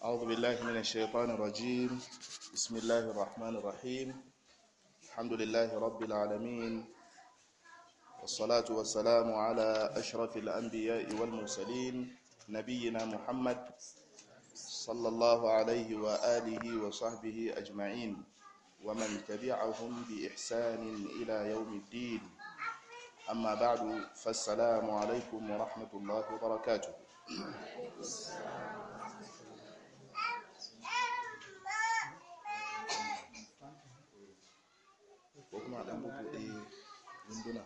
أعوذ بالله من الشيطان الرجيم بسم الله الرحمن الرحيم الحمد لله رب العالمين والصلاة والسلام على أشرف الأنبياء والمرسلين نبينا محمد صلى الله عليه وآله وصحبه أجمعين ومن تبعهم بإحسان إلى يوم الدين أما بعد فالسلام عليكم ورحمة الله وبركاته kuma a ɗan bubbuɗe runduna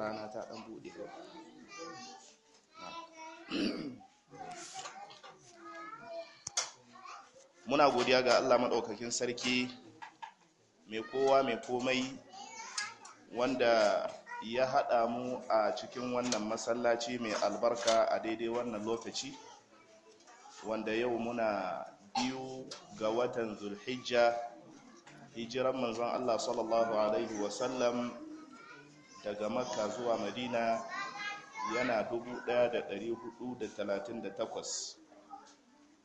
rana ta ɗan muna godiya ga allah maɗaukakin sarki mai kowa mai komai wanda ya haɗa mu a cikin wannan masallaci mai albarka a daidai wannan lokaci wanda yau muna biyu ga watan zulhijja hijiran manzon Allah sallallahu alaihi wasallam daga makka zuwa madina yana 1438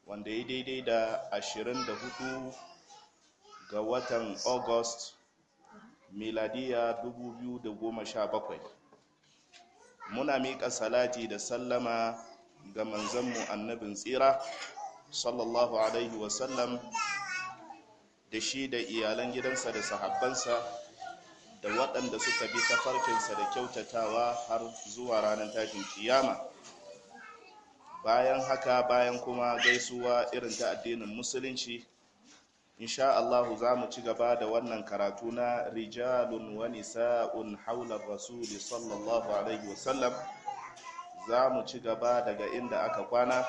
wanda ya daidai da 24 ga watan august miladiya 2017 muna miƙa salati da sallama ga manzanmu annabin tsira sallallahu alaihi wasallam da shi da iyalan gidansa da sahabbansa da waɗanda suka bi ta farkinsa da kyautatawa har zuwa ranar tashin kiyama bayan haka bayan kuma gaisuwa irin ta addinin musulunci insha Allah za mu ci gaba da wannan karatu na rijalun wa nisa'un haular rasuli sallallahu alaihi wasallam za mu ci gaba daga inda aka kwana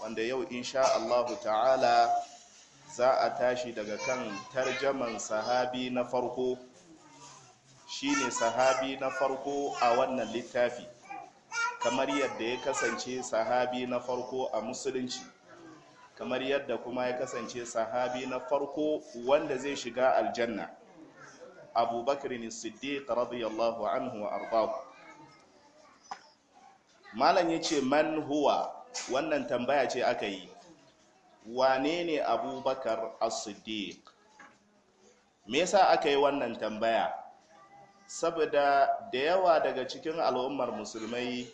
wanda yau insha Allah ta'ala za a tashi daga kan tarjaman sahabi na farko shine sahabi na farko a wannan littafi kamar yadda ya kasance sahabi na farko a musulunci kamar yadda kuma ya kasance sahabi na farko wanda zai shiga aljanna abubakar ne siddiq radiyallahu anhu wa arbaku malam ya ce man huwa wannan tambaya ce aka yi wane ne abubakar asidik me yasa aka yi wannan tambaya saboda da yawa daga cikin al'ummar musulmai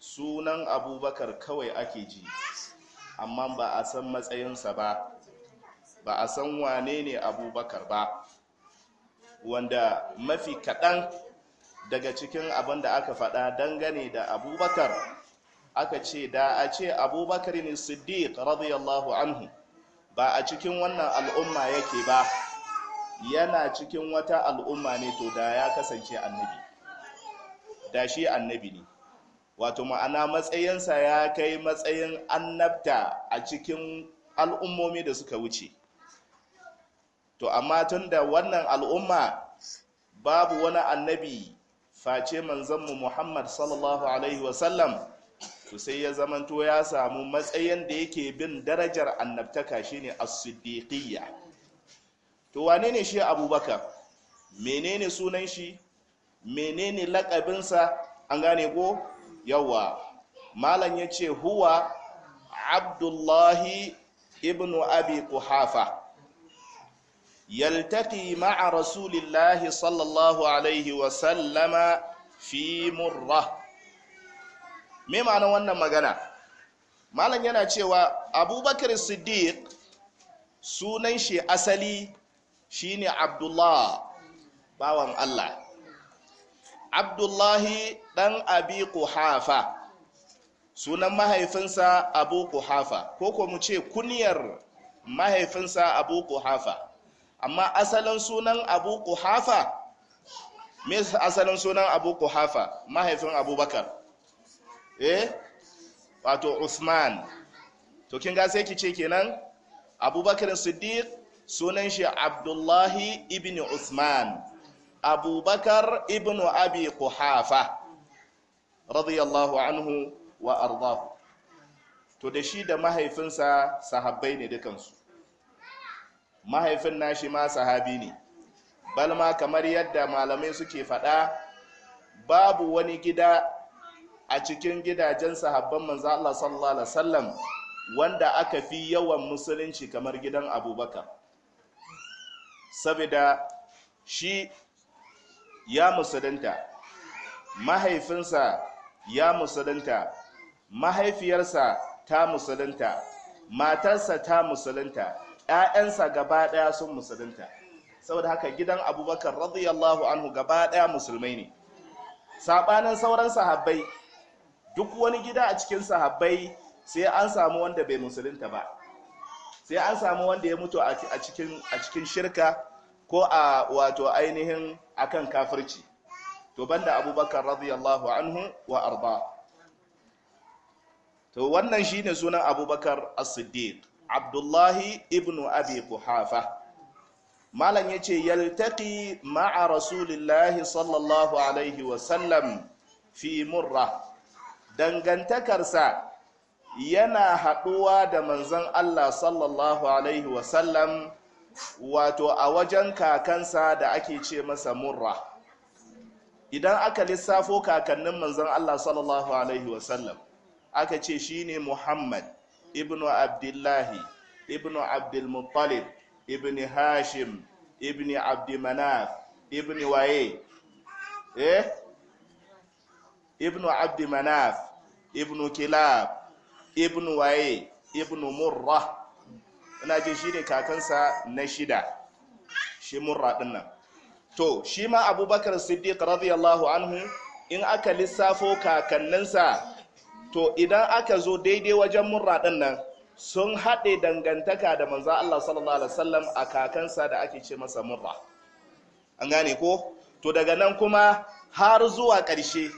sunan abubakar kawai ake ji amma ba a san matsayinsa ba ba a san wane ne abubakar ba wanda mafi kaɗan daga cikin abin da aka faɗa dangane da abubakar aka ce da a ce abubakar ne siddiq radiyallahu anhu ba a cikin wannan al'umma yake ba yana cikin wata al'umma ne to da ya kasance annabi da shi annabi ne wato ma'ana matsayinsa ya kai matsayin annabta a cikin al'ummomi da suka wuce to amma tun da wannan al'umma babu wani annabi face manzanmu muhammad sallallahu alaihi wasallam to sai ya zamanto ya samu matsayin da yake bin darajar annabtaka shine as-siddiqiyya to wane ne shi abubakar menene sunan shi menene lakabinsa an gane ko yawa malam ya ce huwa abdullahi ibnu abi kuhafa yaltaki ma'a rasulillahi sallallahu alaihi wasallama fi murra me ma'anar wannan magana malam yana cewa abubakar siddiq sunan shi asali shine abdullah bawan allah abdullahi dan abi kuhafa sunan mahaifinsa abu kuhafa ko ko mu ce kuniyar mahaifinsa abu kuhafa amma asalin sunan abu kuhafa me asalin sunan abu kuhafa mahaifin abubakar eh wato Usman to kin ga sai ki ce kenan Abubakar Siddiq sunan shi Abdullahi ibn Usman. Abubakar ibn Abi Quhafa radiyallahu anhu wa ardahu to da shi da mahaifinsa sahabbai ne dukansu mahaifin nashi ma sahabi ne balma kamar yadda malamai suke fada babu wani gida a cikin gidajen sahabban manzo Allah sallallahu alaihi wasallam wanda aka fi yawan musulunci kamar gidan abubakar saboda shi ya musulunta mahaifinsa ya musulunta mahaifiyarsa ta musulunta matarsa ta musulunta 'ya'yansa gaba ɗaya sun musulunta saboda haka gidan abubakar radiyallahu anhu gaba ɗaya musulmai ne saɓanin sauran sahabbai duk wani gida a cikin sahabbai sai an samu wanda bai musulunta ba sai an samu wanda ya mutu a cikin a cikin shirka ko a wato ainihin akan kafirci to banda abubakar radiyallahu anhu wa arba to wannan shine sunan abubakar as-siddiq abdullahi ibnu abi kuhafa malam ya ce yaltaki ma'a rasulillahi sallallahu alaihi sallam fi murra dangantakarsa yana haɗuwa da manzon Allah sallallahu alaihi wasallam wato a wajen kakansa da ake ce masa murra idan aka lissafo kakannin manzon Allah sallallahu alaihi wasallam aka ce shi ne Muhammad ibnu Abdullahi ibnu Abdul Muttalib ibni Hashim ibni Abdi Manaf ibni waye eh ibnu Abdi Manaf ibnu kilab ibnu waye ibnu murra ina ji shi ne kakansa na shida shi murra din nan to shi ma abubakar siddiq radiyallahu anhu in aka lissafo kakanninsa to idan aka zo daidai wajen murra din nan sun haɗe dangantaka da manzo Allah sallallahu alaihi wasallam a kakansa da ake ce masa murra an gane ko to daga nan kuma har zuwa ƙarshe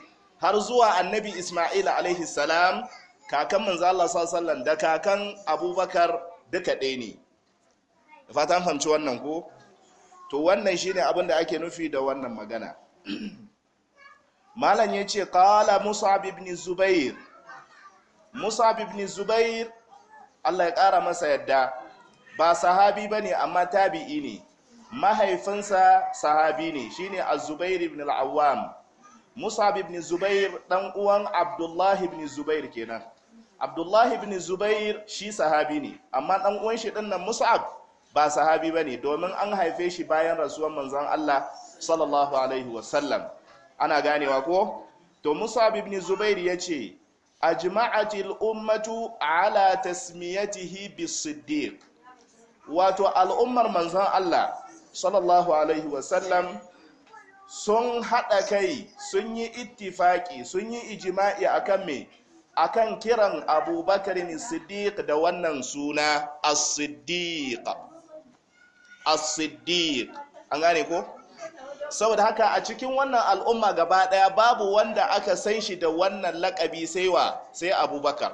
har zuwa annabi Ismail alaihi salam kakan manzo Allah sallallahu da kakan Abubakar duka ɗaya ne fatan fahimci wannan ko to wannan shine abin da ake nufi da wannan magana malam yace qala Mus'ab ibn Zubair Mus'ab ibn Zubair Allah ya ƙara masa yadda ba sahabi bane amma tabi'i ne mahaifinsa sahabi ne shine Az-Zubair ibn al-Awwam musab ibn zubair dan uwan abdullahi ibn zubair kenan abdullahi ibn zubair shi sahabi ne amma dan uwan shi din nan musab ba sahabi bane domin an haife shi bayan rasuwan manzon Allah sallallahu alaihi wasallam ana ganewa ko to musab ibn zubair yace ajma'atil ummatu ala tasmiyatihi bis-siddiq wato al'ummar manzon Allah sallallahu alaihi wasallam sun haɗa kai sun yi ittifaki sun yi ijima'i akan me akan kiran abubakar siddiq da wannan suna as-siddiq as-siddiq an gane ko saboda haka a cikin wannan al'umma gaba daya babu wanda aka san shi da wannan lakabi sai wa sai abubakar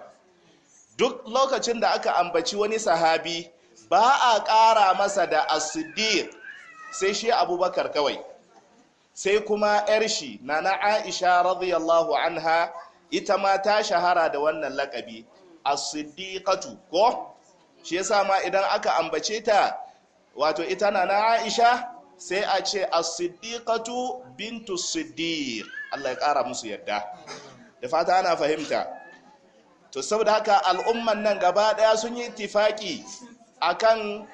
duk lokacin da aka ambaci wani sahabi ba a ƙara masa da as-siddiq sai shi abubakar kawai sai kuma yar shi nana aisha radiyallahu anha ita ma ta shahara da wannan lakabi as-siddiqatu ko shi yasa ma idan aka ambace ta wato ita nana aisha sai a ce as-siddiqatu bintu siddiq Allah ya kara musu yadda da fata ana fahimta to saboda haka al'umman nan gaba daya sun yi tifaki akan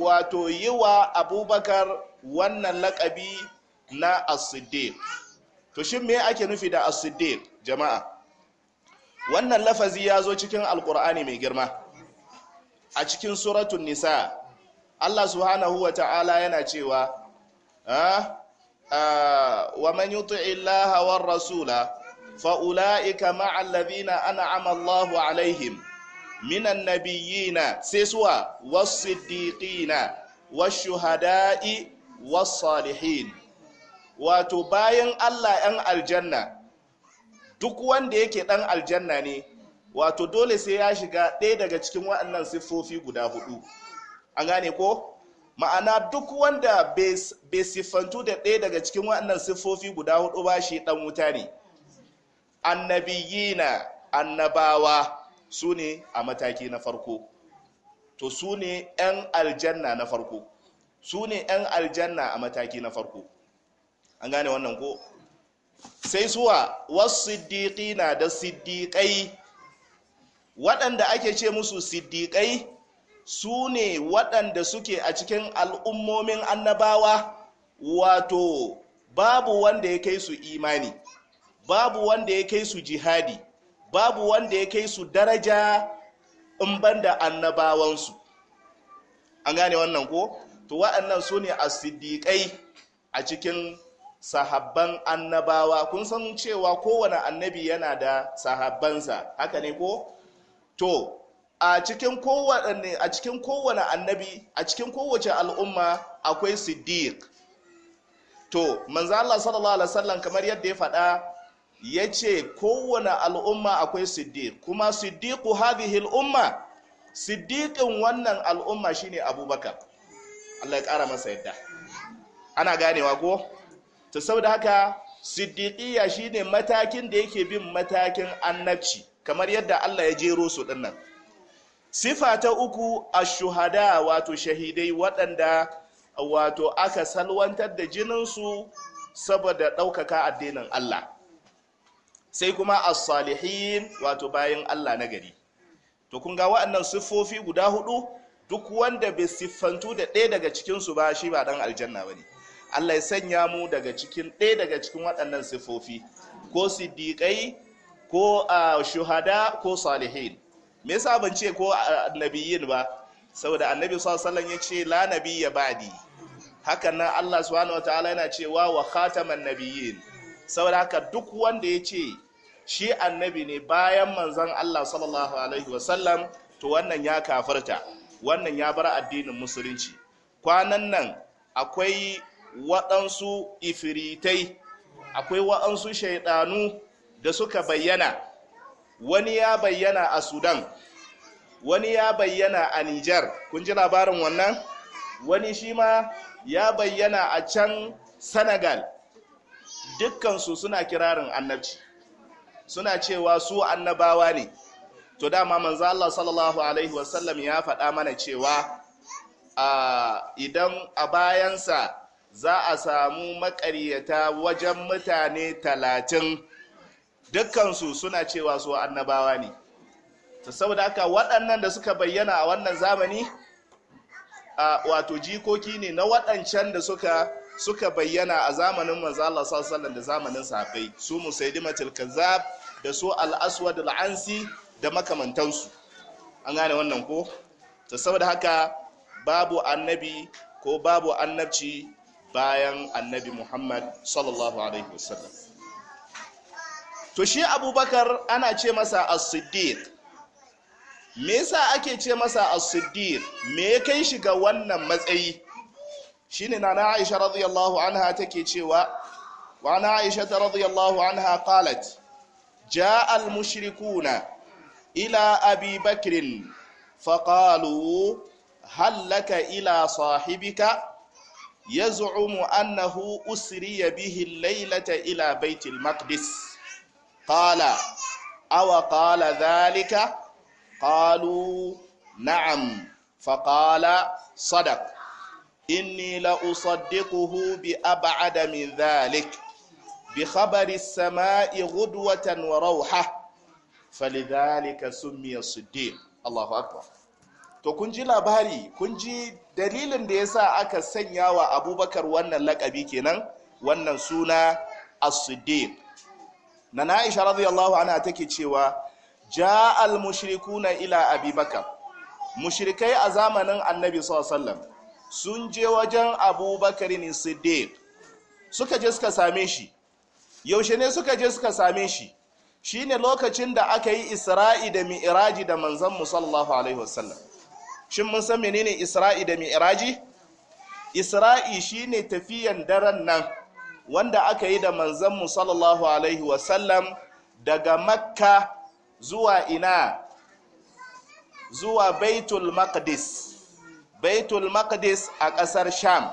wato yiwa abubakar wannan lakabi na as-siddiq to shin me ake nufi da as-siddiq jama'a wannan lafazi ya zo cikin alkur'ani mai girma a cikin suratun nisa Allah subhanahu wa ta'ala yana cewa ah, ah, wa man yuti'i Allah war rasula fa ulaika ma'al ladhina an'ama Allahu alaihim minan nabiyyina sai suwa was-siddiqina wash-shuhada'i was-salihin wato bayan Allah ‘yan aljanna duk wanda yake ɗan aljanna ne wato dole sai ya shiga ɗaya daga cikin waɗannan siffofi guda hudu an gane ko ma'ana duk wanda bai siffantu da ɗaya daga cikin waɗannan siffofi guda hudu ba shi ɗan wuta ne annabiyina annabawa su ne a mataki na farko to su ne 'yan aljanna na farko su ne 'yan aljanna a mataki na farko an gane wannan ko sai suwa wasu na da siddiƙai waɗanda ake ce musu siddiƙai su ne waɗanda suke a cikin al'ummomin annabawa wato babu wanda ya kai su imani babu wanda ya kai su jihadi babu wanda ya kai su daraja in banda annabawansu an gane wannan ko to waɗannan su ne a siddiƙai a cikin sahabban annabawa kun san cewa kowane annabi yana da sahabbansa haka ne ko to a cikin kowane a cikin kowane annabi a cikin kowace al'umma akwai siddiq to manzo Allah sallallahu alaihi wasallam kamar yadda ya faɗa yace kowane al'umma akwai siddiq kuma siddiqu hadhihi al'umma siddiqin wannan al'umma shine abubakar Allah ya ƙara masa yadda ana ganewa ko ta saboda haka shi shine matakin da yake bin matakin annabci kamar yadda Allah ya jero su dinnan sifa ta uku shuhada, wato shahidai waɗanda wato aka salwantar da jininsu saboda ɗaukaka addinin Allah sai kuma a salihin wato bayan Allah na gari to kun ga waɗannan siffofi guda hudu duk wanda bai siffantu da ɗaya daga cikinsu ba shi ba ɗan aljanna ba ne Allah ya sanya mu daga cikin ɗaya daga cikin waɗannan sifofi ko siddiƙai ko shuhada ko salihin me yasa ban ce ko annabiyin ba saboda annabi sallallahu ya ce la nabiyya ba'di hakan nan Allah subhanahu wataala yana cewa wa khataman nabiyyin saboda haka duk wanda ya ce shi annabi ne bayan manzon Allah sallallahu alaihi wasallam to wannan ya kafarta wannan ya bar addinin musulunci kwanan nan akwai waɗansu ifiritai akwai waɗansu shaiɗanu da suka bayyana wani ya bayyana a sudan wani ya bayyana a nijar kun ji labarin wannan wani shi ma ya bayyana a can senegal dukkansu suna kirarin annabci suna cewa su annabawa ne to dama manzo Allah sallallahu alaihi wasallam ya faɗa mana cewa idan a bayansa za a samu makaryata wajen mutane talatin dukkansu suna cewa su annabawa ne saboda haka waɗannan da suka bayyana a wannan zamani a wato jikoki ne na waɗancan da suka suka bayyana a zamanin manzo Allah sallallahu da zamanin sahabbai su musaidimatul kazzab da su al-aswad da makamantansu an gane wannan ko ta saboda haka babu annabi ko babu annabci bayan annabi muhammad sallallahu alaihi wasallam to shi abubakar ana ce masa as-siddiq me yasa ake ce masa as-siddiq me ya kai shi ga wannan matsayi shine nana aisha radiyallahu anha take cewa wa na aisha radiyallahu anha qalat jaa al-mushrikuna ila abi bakr فقالوا هل لك إلى يزعم أنه أسري به الليلة إلى بيت المقدس قال أو قال ذلك قالوا نعم فقال صدق إني لأصدقه بأبعد من ذلك بخبر السماء غدوة وروحة فلذلك سمي الصديق الله أكبر to kun ji labari kun ji dalilin da ya sa aka sanya wa abubakar wannan lakabi kenan wannan suna as-siddiq na na'isha radiyallahu anha take cewa ja'al mushrikuna ila abubakar mushrikai a zamanin annabi sallallahu sun je wajen abubakar ne siddiq suka je suka same shi yaushe ne suka je suka same shi shine lokacin da aka yi isra'i da mi'raji da manzon mu alaihi wasallam shin mun san menene isra'i da mi'raji isra'i shine tafiyan daren nan wanda aka yi da manzon mu sallallahu alaihi wasallam daga makka zuwa ina zuwa baitul maqdis baitul maqdis a ƙasar sham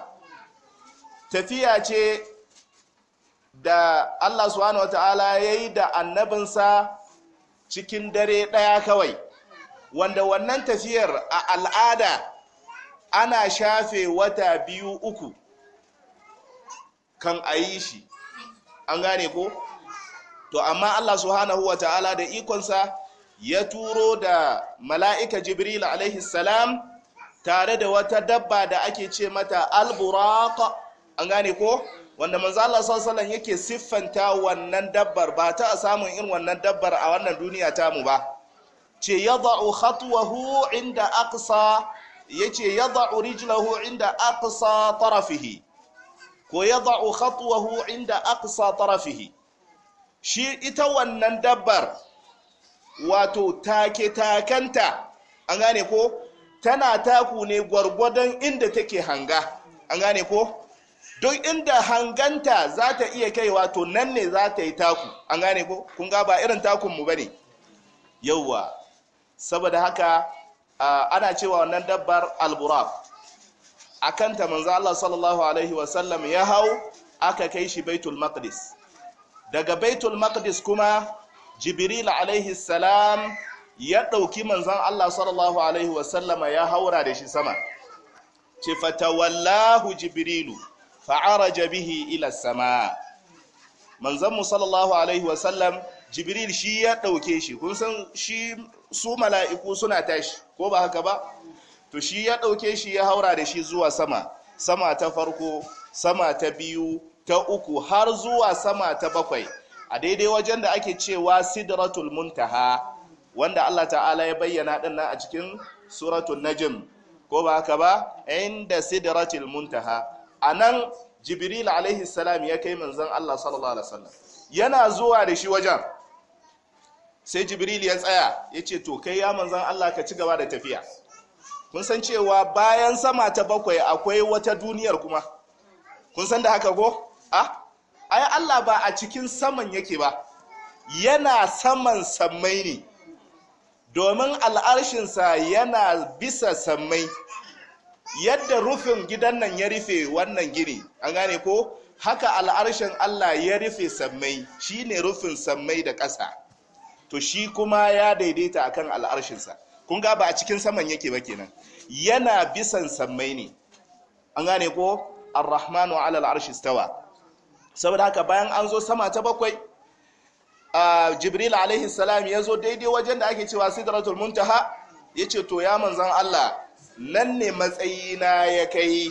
tafiya ce da allah subhanahu wataala ya yi da annabinsa cikin dare ɗaya kawai wanda wannan tafiyar a al'ada ana shafe wata biyu uku kan a yi shi an gane ko to amma allah subhanahu wa da ikonsa ya turo da mala'ika jibril alaihi salam tare da wata dabba da ake ce mata alburaka an gane ko wanda manzo Allah sallallahu yake siffanta wannan dabbar ba ta samun irin wannan dabbar a wannan duniya tamu ba ce yada'u khatwahu inda aqsa yace yada'u rijlahu inda aqsa tarafihi ko yada'u khatwahu inda aqsa tarafihi shi ita wannan dabbar wato take takanta an gane ko tana taku ne gwargwadon inda take hanga an gane ko duk inda hanganta za ta iya kai wato nan ne za ta yi taku an gane ko kun ga ba irin takun mu bane yauwa saboda haka ana cewa wannan dabbar alburaq A kanta manzo Allah sallallahu alaihi wasallam ya hau aka kai shi baitul maqdis daga baitul maqdis kuma jibril alaihi salam ya ɗauki manzon Allah sallallahu alaihi wasallama ya haura da shi sama ce fatawallahu jibrilu fa'araja bihi ila sama manzon mu sallallahu alaihi wasallam jibril shi ya ɗauke shi kun san shi su mala'iku suna tashi ko ba haka ba to shi ya ɗauke shi ya haura da shi zuwa sama sama ta farko sama ta biyu ta uku har zuwa sama ta bakwai a daidai wajen da ake cewa sidratul muntaha wanda Allah ta'ala ya bayyana ɗanna a cikin suratul najm ko ba haka ba inda sidratul muntaha A nan, jibril alaihi salam ya kai manzon Allah sallallahu alaihi wasallam yana zuwa da shi wajen sai jibril ya tsaya ya ce to kai ya manzan allah ka ci gaba da tafiya kun san cewa bayan sama ta bakwai akwai wata duniyar kuma kun san da haka ko a ah, ai allah ba a cikin saman yake ba yana saman sammai ne domin al'arshinsa yana bisa sammai yadda rufin gidan nan ya rufe wannan gini an gane ko haka al'arshin allah ya rufe sammai shine rufin sammai da ƙasa to shi kuma ya daidaita akan al'arshinsa kun ga ba a cikin saman yake ba kenan yana bisan sammai ne an gane ko ar-rahmanu ala al-arshi stawa saboda haka bayan an zo sama ta bakwai jibril alaihi salam ya zo daidai wajen da ake cewa sidratul muntaha ya ce to ya manzan allah nan ne matsayina ya kai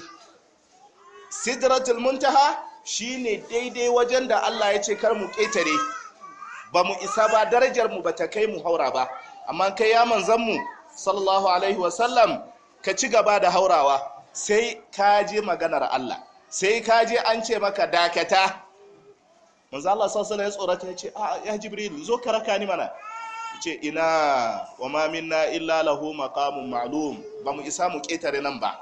sidratul muntaha shine daidai wajen da allah ya ce kar mu ƙetare ba mu isa ba darajar mu bata kai mu haura ba amma kai ya manzan mu sallallahu alaihi wa sallam. ka ci gaba da haurawa sai ka je maganar Allah sai ka je an ce maka dakata manzo Allah sallallahu alaihi wa sallam ya ce a ya jibril zo ka raka ni mana ce ina wa ma minna illa lahu maqamun ma'lum ba mu isa mu ketare nan ba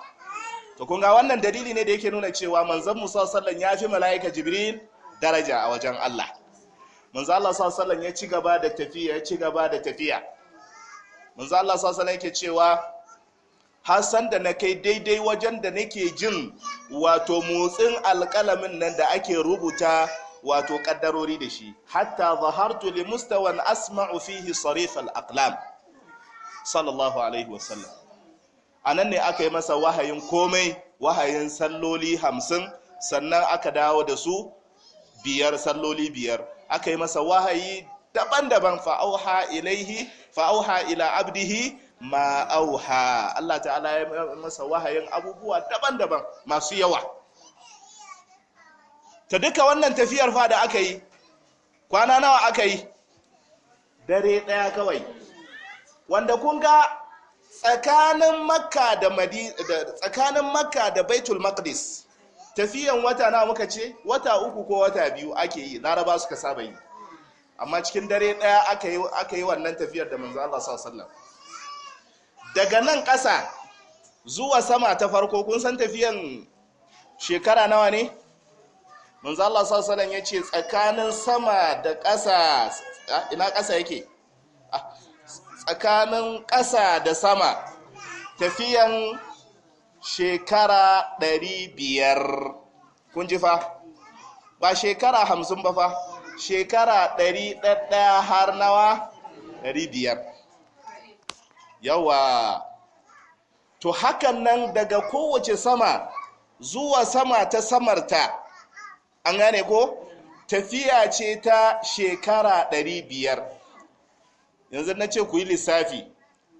to kun ga wannan dalili ne da yake nuna cewa manzon Musa sallallahu alaihi wasallam ya fi malaika jibril daraja a wajen Allah manzo Allah sallallahu ya ci gaba da tafiya ya ci gaba da tafiya manzo Allah sallallahu yake cewa har da na kai daidai wajen da nake jin wato motsin alƙalamin nan da ake rubuta wato ƙaddarori da shi hatta zahartu li mustawan asma'u fihi sarif al-aqlam sallallahu alaihi wasallam anan ne aka yi masa wahayin komai wahayin salloli hamsin sannan aka dawo da su biyar salloli biyar aka yi masa wahayi daban-daban fa'auha ilaihi fa'auha ila abdihi ma'auha. Allah ta'ala ya masa wahayin abubuwa daban-daban masu yawa ta duka wannan tafiyar fa da aka yi kwana nawa aka yi dare ɗaya kawai wanda kun ga tsakanin makka da baitul maqdis tafiyan wata na muka ce wata uku ko wata biyu ake yi laraba suka saba yi amma cikin dare ɗaya aka yi wannan tafiyar da manzo Allah sallallahu daga nan ƙasa zuwa sama ta farko kun san tafiyan shekara nawa ne manzo Allah sallallahu alaihi ya ce tsakanin sama da ƙasa ina ƙasa yake tsakanin ƙasa da sama tafiyan shekara ɗari biyar kun ji fa ba shekara hamsin ba fa shekara ɗari ɗaɗɗaya har nawa ɗari biyar yawa to hakan nan daga kowace sama zuwa sama ta samarta an gane ko tafiya ce ta shekara ɗari biyar yanzu na ce ku yi lissafi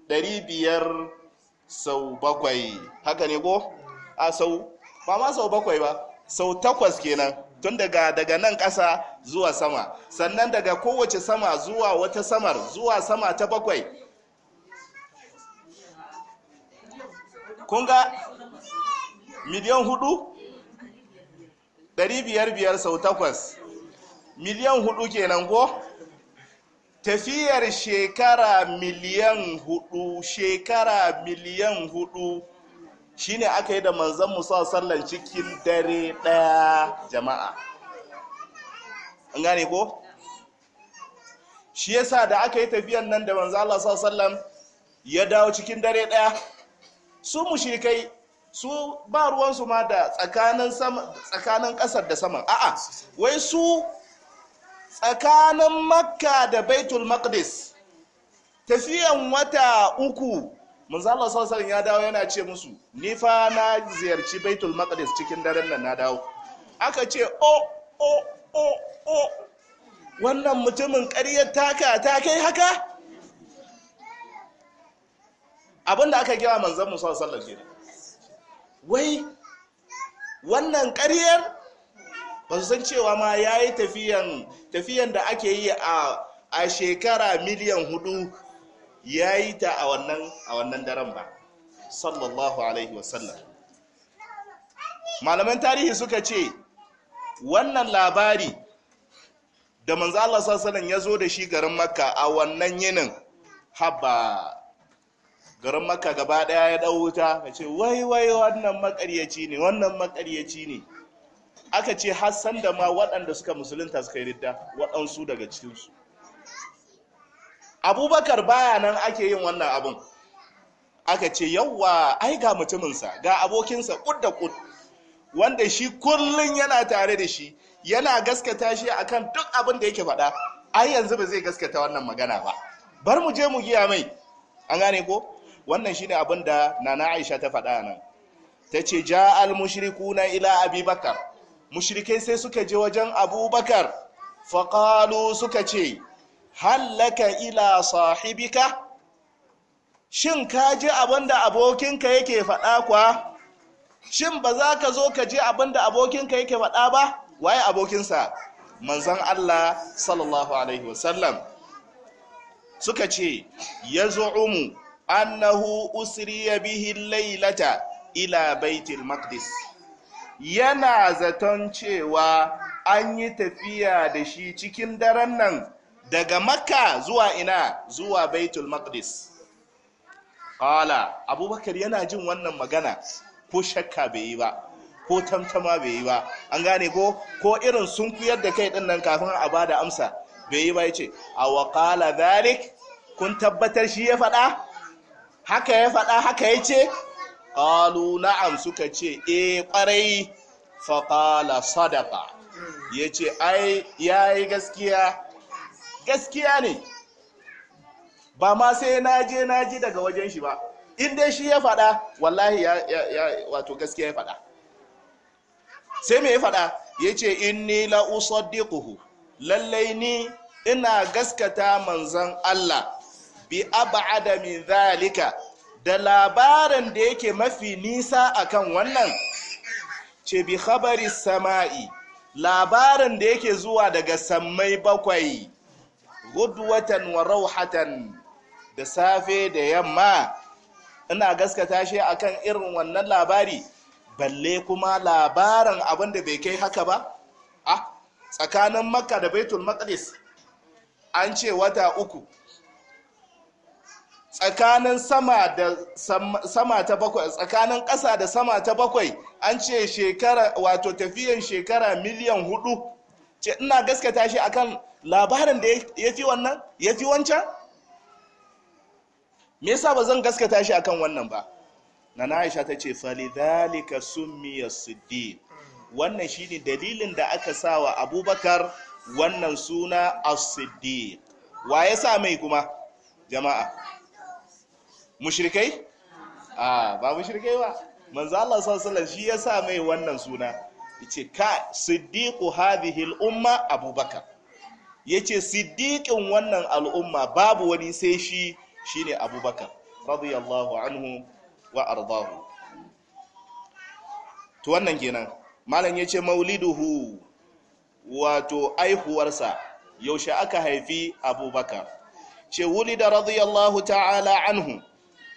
ɗari biyar sau bakwai haka ne ko a sau ba ma sau bakwai ba sau takwas kenan tun daga daga nan ƙasa zuwa sama sannan daga kowace sama zuwa wata samar zuwa sama ta bakwai kun ga miliyan hudu ɗari biyar biyar sau takwas miliyan hudu kenan ko tafiyar shekara miliyan hudu shekara miliyan hudu shine aka yi da manzan musa sallan cikin dare daya jama'a an gane ko shi yasa da aka yi tafiyan nan da manzan Allah sallan ya dawo cikin dare daya su mushrikai su ba ruwansu ma da tsakanin ƙasar da saman a'a wai su tsakanin makka da baitul maqdis tafiyan wata uku manzo Allah sallallahu ya dawo yana ce musu ni fa na ziyarci baitul maqdis cikin daren nan na dawo aka ce o o o o wannan mutumin ƙaryar taka ta kai haka abinda aka gina manzon musa sallallahu alaihi wai wannan ƙaryar ba su san cewa ma ya yi tafiyan da ake yi a shekara miliyan hudu ya yi ta a wannan daren ba sallallahu alaihi wasallam malaman tarihi suka ce wannan labari da manzo Allah sallallahu ya zo da shi garin makka a wannan yinin haba garin makka gaba daya ya dau wuta ya ce wai wai wannan makaryaci ne wannan makaryaci ne aka ce hassan da ma waɗanda suka musulunta suka yi ridda waɗansu daga cikinsu abubakar baya nan ake yin wannan abun aka ce yawwa ai ga mutuminsa ga abokinsa kud da kud wanda shi kullum yana tare da shi yana gaskata shi akan duk abin da yake faɗa ai yanzu ba zai gaskata wannan magana ba bar mu je mu giya mai an gane ko wannan shine abin da nana aisha ta faɗa nan ta ce ja al na ila abubakar Mushirikai sai suka je wajen abubakar faƙalu suka ce hallaka ila sahibika shin ka ji abinda abokinka yake faɗa kwa shin ba za ka zo ka ji abinda abokinka yake faɗa ba waye abokinsa manzan allah sallallahu alaihi wasallam suka ce ya zo'umu annahu usriya bihi lailata ila baitul maqdis yana zaton cewa an yi tafiya da shi cikin daren nan daga makka zuwa ina zuwa baitul maqdis abubakar yana jin wannan magana ko shakka bai yi ba ko tamtama bai yi ba an gane ko ko irin sun kuyar da kai ɗinnan kafin a bada amsa bai yi ba yace aw qala dhalik kun tabbatar shi ya faɗa haka ya faɗa haka yace qalu na'am suka ce eh kwarai fa qala sadaqa yace ai yayi gaskiya gaskiya ne ba ma sai na je na ji daga wajen shi ba in dai shi ya faɗa wallahi ya, ya wato gaskiya ya faɗa sai me ya faɗa ya ce inni la usaddiquhu lallai ni ina gaskata manzon Allah bi ab'ada min zalika da labarin da yake mafi nisa akan wannan ce bi khabari sama'i labarin da yake zuwa daga sammai bakwai gudwatan wa rauhatan da safe da yamma ina gaskata shi akan irin wannan labari balle kuma labarin abin bai kai haka ba a ah, tsakanin makka da baitul maqdis an ce wata uku tsakanin sama da sama ta bakwai tsakanin ƙasa da sama ta bakwai an ce shekara wato tafiyan shekara miliyan hudu ce ina gaskata shi akan labarin da ya fi wannan ya fi wancan me yasa ba zan gaskata shi akan wannan ba na na'isha ta ce falidhalika summiya siddiq wannan shine dalilin da aka sa wa Abubakar wannan suna as-siddiq wa ya sa mai kuma jama'a mushrikai a ba mushrikai ba manzo Allah sallallahu alaihi shi ya sa mai wannan suna yace ka siddiqu hadhihi al-umma abubakar yace siddiqin wannan al'umma babu wani sai shi shine abubakar radiyallahu anhu wa ardahu to wannan kenan malam yace mauliduhu wato aihuwarsa yaushe aka haifi abubakar ce wulida radiyallahu ta'ala anhu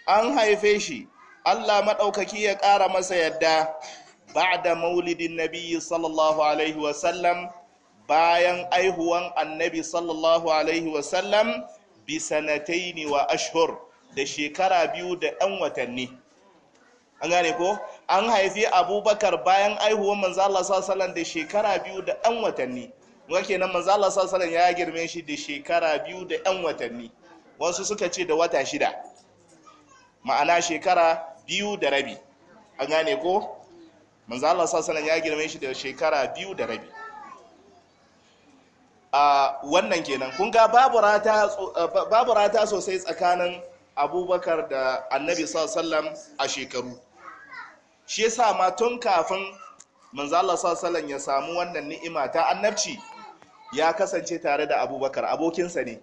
an haife shi Allah maɗaukaki ya ƙara masa yadda da maulidin nabi sallallahu alaihi wasallam bayan aihuwan annabi sallallahu alaihi wasallam bi sanataini wa ashur da shekara biyu da ɗan watanni an gane ko an haifi abubakar bayan aihuwan Manzala sassalan da shekara biyu da ɗan watanni kuma kenan Manzala Allah ya girme shi da shekara biyu da ɗan watanni wasu suka ce da wata shida ma'ana shekara biyu da rabi an gane ko manzo Allah sallallahu ya girme shi da shekara biyu da rabi a wannan kenan kun ga babu rata sosai tsakanin abubakar da annabi sallallahu a shekaru shi yasa ma tun kafin manzo Allah sallallahu ya samu wannan ni'ima ta annabci ya kasance tare da abubakar abokinsa ne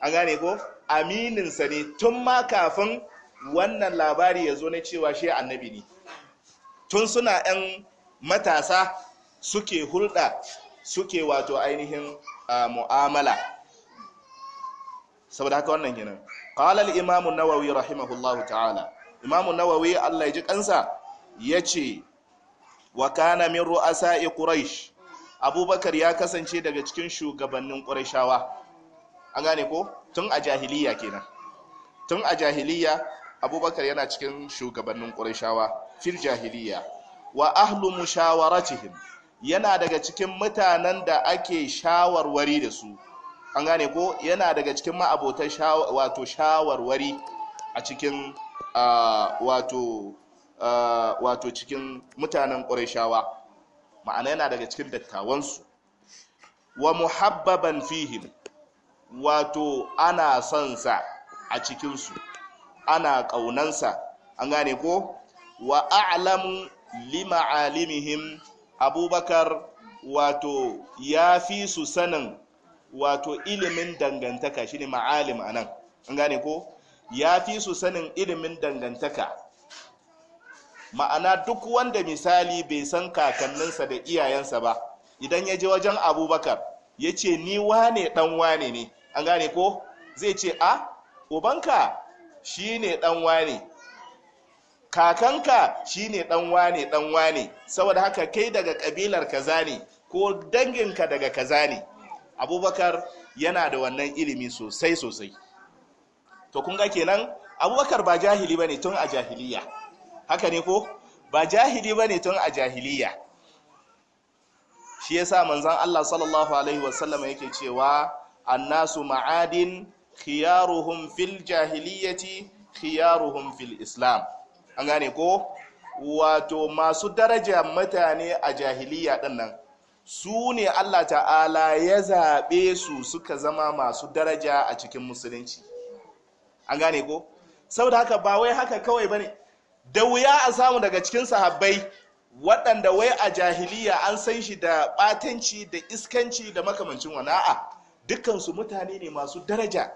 an gane ko amininsa ne tun ma kafin wannan labari ya zo na cewa shi annabi ne tun suna 'yan matasa suke hulɗa suke wato ainihin mu'amala saboda haka wannan kenan ƙalal imamu nawawi rahimahullahu ta'ala imamu nawawi Allah ya ji kansa ce wa kana min I quraish abubakar ya kasance daga cikin shugabannin ƙuraishawa an gane ko tun a jahiliya kenan tun a jahiliya abubakar yana cikin shugabannin ƙurashawa fil jahiliya wa ahlu mushawaratihim yana daga cikin mutanen da ake shawarwari da su an gane ko yana daga cikin ma'abotan wato shawarwari a cikin wato cikin mutanen ƙurashawa ma'ana yana daga cikin dattawansu wa muhabbaban fihim wato ana son sa a cikinsu ana ƙaunansa an gane ko wa a'lamu lima alimihim abubakar wato ya fi su sanin wato ilimin dangantaka shine ma'alim anan an gane ko ya fi su sanin ilimin dangantaka ma'ana duk wanda misali bai san kakanninsa da iyayensa ba idan ya je wajen abubakar ya ce ni wane dan wane ne an gane ko zai ce a ah, ubanka shine dan wane kakanka shine dan wane dan wane saboda haka kai daga kabilar kaza ne ko danginka daga kaza ne abubakar yana da wannan ilimi sosai sosai to kun ga kenan abubakar ba jahili bane tun a jahiliya haka ne ko ba jahili bane tun a jahiliya shi yasa manzon Allah sallallahu alaihi wasallam yake cewa annasu ma'adin khiyaruhum fil jahiliyyati khiyaruhum fil islam an gane ko wato masu daraja mutane a jahiliya din su ne Allah ta'ala ya zabe su suka zama masu daraja a cikin musulunci an gane ko saboda haka ba wai haka kawai bane da wuya a samu daga cikin sahabbai waɗanda wai a jahiliya an san shi da ɓatanci da iskanci da makamancin wana'a dukansu mutane ne masu daraja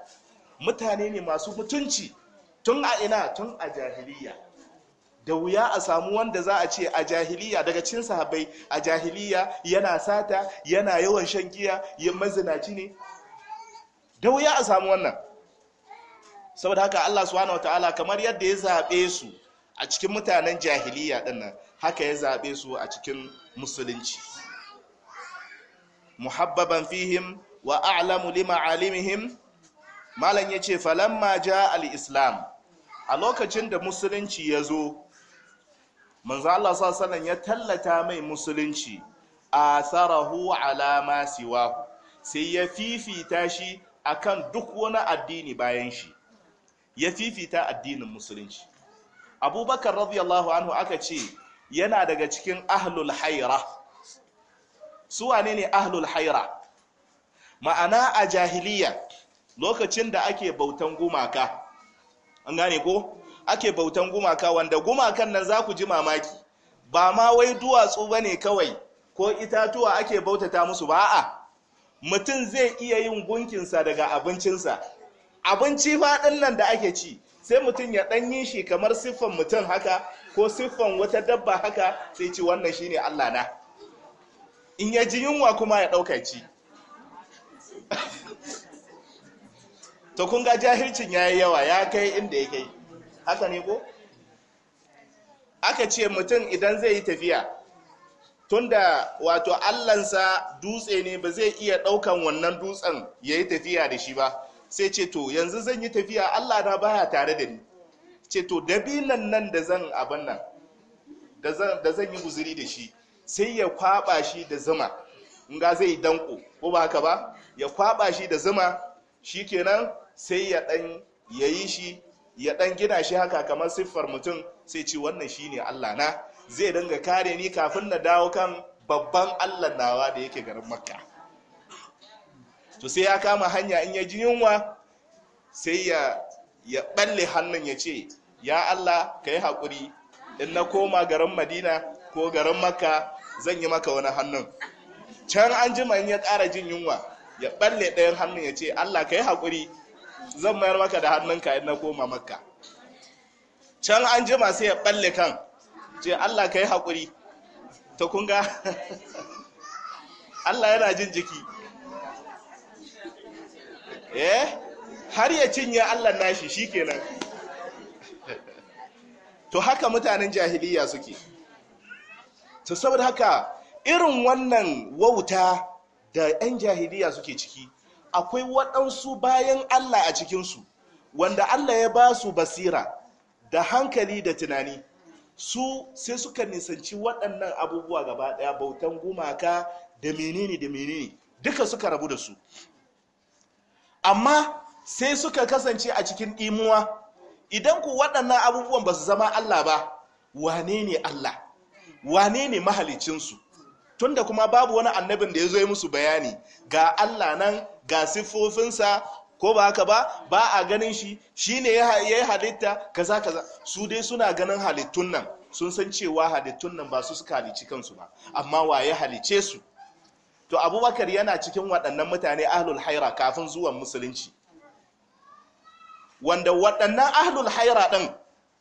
mutane ne masu mutunci tun a ina tun a jahiliya da wuya a samu wanda za a ce a jahiliya daga cin sahabai a jahiliya yana sata yana yawan shan giya yin mazinaci ne da wuya a samu wannan saboda haka Allah subhanahu wataala kamar yadda ya zaɓe su a cikin mutanen jahiliya dinnan haka ya zaɓe su a cikin musulunci muhabbaban fihim wa a'lamu lima alimihim malam yace falamma ja al-islam a lokacin da musulunci ya zo manzo Allah sallallahu ya tallata mai musulunci asarahu ala ma siwahu sai ya fifita shi akan duk wani addini bayan shi ya fifita addinin musulunci abubakar radiyallahu anhu aka ce yana daga cikin ahlul haira su wanene ne ahlul haira ma'ana a jahiliya lokacin da ake bautan gumaka an gane ko ake bautan gumaka wanda gumakan nan za ku ji mamaki ba ma wai duwatsu ba ne kawai ko itatuwa ake bautata musu ba a mutum zai iya yin gunkinsa daga abincinsa abinci faɗin nan da ake ci sai mutum ya ɗan yi shi kamar siffan mutum haka ko siffan wata dabba haka sai ci wannan shine allah na in ya ji yunwa kuma ya ɗauka ci to kun ga jahilcin ya yi yawa ya kai inda ya kai haka ne ko aka ce mutum idan zai yi tafiya tunda wato allansa dutse ne ba zai iya ɗaukan wannan dutsen ya yi tafiya da shi ba sai ce to yanzu zan yi tafiya allah na baya tare da ni ce to dabinan nan da zan abin nan da zan yi guziri da shi sai ya kwaba shi da zama in ga zai danko ko ba haka ba ya kwaba shi da zuma shikenan sai ya dan yayi shi ya dan gina shi haka kamar siffar mutum sai ci wannan shine Allah na zai dinga kare ni kafin na dawo kan babban Allah nawa da yake garin Makka to sai ya kama hanya in ya ji yunwa sai ya ya balle hannun ya ce ya Allah ka yi hakuri in na koma garin Madina ko garin Makka zan yi maka wani hannun can an jima in ya ƙara jin yunwa ya balle ɗayan hannun ya ce allah ka yi haƙuri zan mayar maka da hannunka yadda na koma makka can an ji masu ya balle kan ce allah ka yi haƙuri ta kunga allah yana jin jiki eh har ya cinye allah nashi shi kenan to haka mutanen jahiliya suke to saboda haka irin wannan wauta da 'yan jahiliya suke ciki akwai waɗansu bayan allah a cikinsu wanda allah ya ba su basira da hankali da tunani su sai suka nisanci waɗannan abubuwa gaba ɗaya bautan gumaka da menene da menene duka suka rabu da su amma sai suka kasance a cikin ɗimuwa idan ku waɗannan abubuwan ba su zama allah ba wane ne allah wane ne mahalicinsu tunda kuma babu wani annabin da ya zo musu bayani ga Allah nan ga siffofinsa ko ba haka ba ba a ganin shi shi ne ya yi halitta kaza kaza su dai suna ganin halittun nan sun san cewa halittun nan ba su suka halici kansu ba amma wa ya halice su to abubakar yana cikin waɗannan mutane ahlul haira kafin zuwan musulunci wanda waɗannan ahlul haira ɗin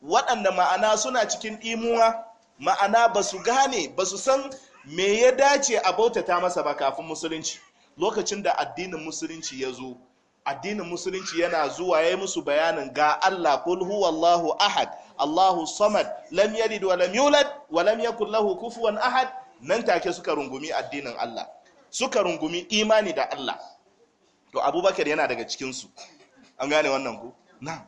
waɗanda ma'ana suna cikin imuwa ma'ana ba su gane ba su san me ya dace a bautata masa ba kafin musulunci lokacin da addinin musulunci ya zo addinin musulunci yana zuwa ya yi musu bayanin ga Allah kul Allahu ahad Allahu samad lam yalid wa lam yulad wa lam yakul lahu kufuwan ahad nan take suka rungumi addinin Allah suka rungumi imani da Allah to Abubakar yana daga cikin su an gane wannan ku na'am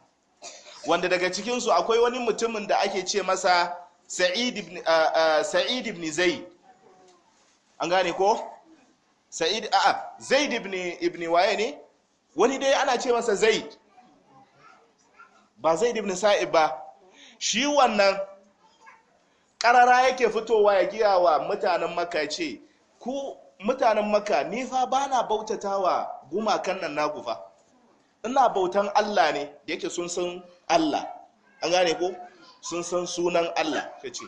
wanda daga cikin su akwai wani mutumin da ake ce masa Sa'id ibn eh, eh, Sa'id ibn Zaid an gane ko sa'id a zaid ibn waye ne wani dai ana ce masa zaid ba zaid ibn Sa'id ba shi wannan karara yake fitowa ya giya wa mutanen makka ce ku mutanen makka ni fa bautata wa gumakan nan na fa ina bautan Allah ne da yake sun san Allah an gane ko sun san sunan Allah ka ce.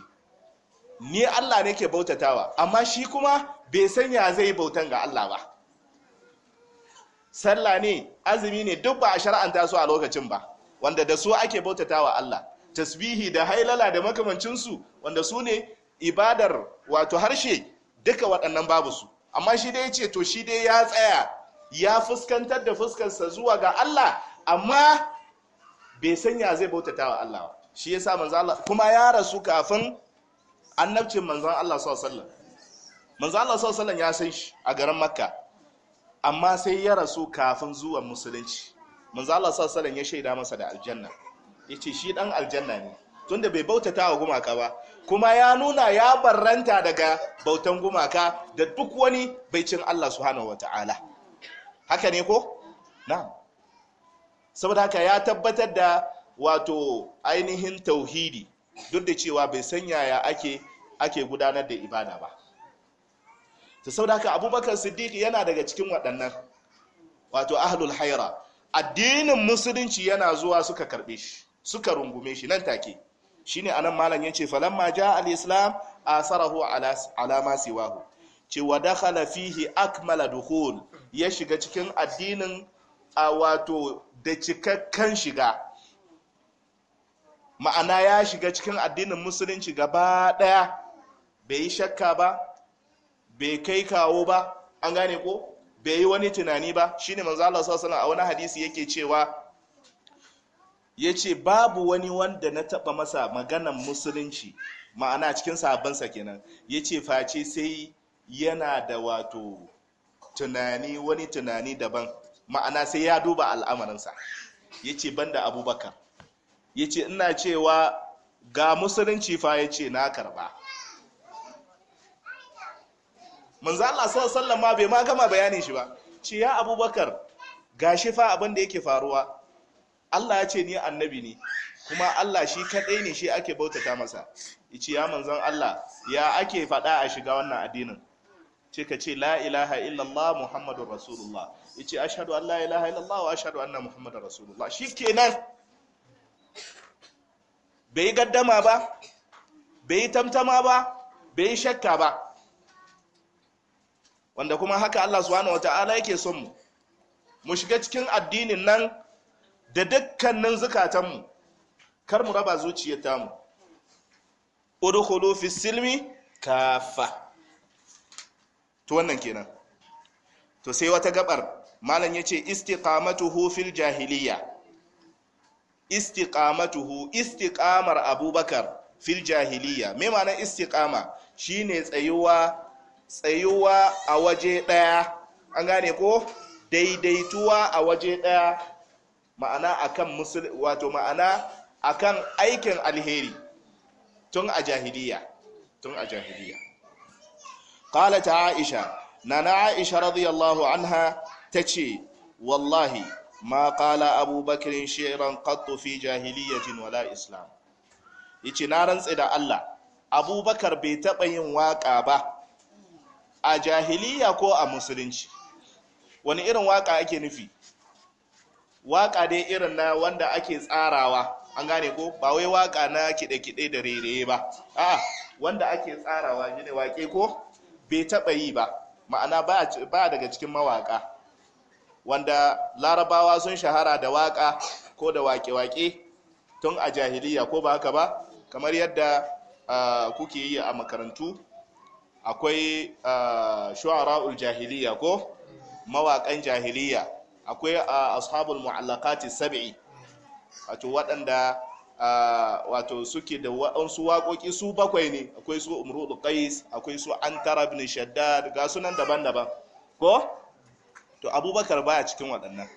ni Allah ne ke bautatawa amma shi kuma bai sanya zai bautan ga Allah ba sallah ne azumi ne duk ba a shar'anta su a lokacin ba wanda da su ake bautatawa Allah tasbihi da hailala da makamancinsu wanda su ne ibadar wato harshe duka waɗannan babu su amma shi dai ce to shi dai ya tsaya ya fuskantar da fuskarsa zuwa ga Allah amma bai sanya zai bautatawa Allah shi yasa manzo Allah kuma ya rasu kafin annabcin manzan Allah sallan manzan Allah sallallahu sallan ya san shi a garin Makka amma sai ya rasu kafin zuwan musulunci manzan Allah sallallahu sallan ya shaida masa da aljanna ya ce shi dan aljanna ne tunda bai bautata wa gumaka ba kuma ya nuna ya barranta daga bautan gumaka da duk wani bai cin Allah subhanahu wataala haka ne ko na'am saboda haka ya tabbatar da wato ainihin tauhidi duk da cewa bai san yaya ake ake gudanar da ibada ba ta sau haka abubakar Siddiqi yana daga cikin waɗannan wato ahlul haira addinin musulunci yana zuwa suka karɓe shi suka rungume shi nan take shine anan malam yace falamma ja al-islam asarahu ala ala siwahu ce wa da fihi akmala duhul ya shiga cikin addinin a wato da cikakken shiga ma'ana ya shiga cikin addinin musulunci gaba daya bai yi shakka ba bai kai kawo ba an gane ko bai yi wani tunani ba shine ne manzala sassana a wani hadisi yake cewa Ya ce babu wani wanda na taba masa maganan musulunci ma'ana cikin sahabbansa kenan ce face sai yana da wato tunani wani tunani daban ma'ana sai ya duba al'amarinsa ban banda abubakar Ya ce ina cewa ga musulunci fa ya ce na karba manzo Allah sallallahu alaihi wasallam bai ma gama bayanin shi ba ce ya abubakar gashi fa abin da yake faruwa Allah ya ce ni annabi ne kuma Allah shi kadai ne shi ake bautata masa yace ya manzon Allah ya ake fada a shiga wannan addinin ce ka ce la ilaha illallah muhammadur rasulullah yace ashhadu an la ilaha illallah wa ashhadu anna muhammadar rasulullah shikenan bai gaddama ba bai tamtama ba bai shakka ba wanda kuma haka Allah subhanahu wata'ala yake son mu mu shiga cikin addinin nan da dukkanin zukatanmu kar mu raba zuciyar tamu udkhulu fi silmi kafa to wannan kenan to sai wata gabar malam yace istiqamatuhu fil jahiliya istiqamatuhu istiqamar abubakar fil jahiliya me ma'anar istiqama shine tsayuwa tsayuwa a waje ɗaya an gane ko daidaituwa a waje ɗaya ma'ana akan musul wato ma'ana akan aikin alheri tun a jahiliya tun a jahiliya qalat aisha nana aisha radiyallahu anha tace wallahi ma qala abubakar shi'ran qattu fi jahiliyatin wala islam yace na rantsi da Allah abubakar bai taba yin waka ba a jahiliya ko a musulunci wani irin waka ake nufi waka dai irin na wanda ake tsarawa an gane ko ba wai waka na kide-kide da rere ba a wanda ake tsarawa shi ne wake ko bai taba yi ba ma'ana ba daga cikin mawaka wanda larabawa sun shahara da waka ko da wake-wake tun a jahiliya ko ba haka ba kamar yadda ah, kuke yi a makarantu akwai ah, shu'ara'ul jahiliya ko mawaƙan jahiliya akwai ah, ashabul mu'allakati sab'i wato waɗanda ah, wato suke da waɗansu waƙoƙi su bakwai ne akwai su Umaru qais akwai su antara ibn shaddad ga sunan daban-daban ko to abubakar baya cikin waɗannan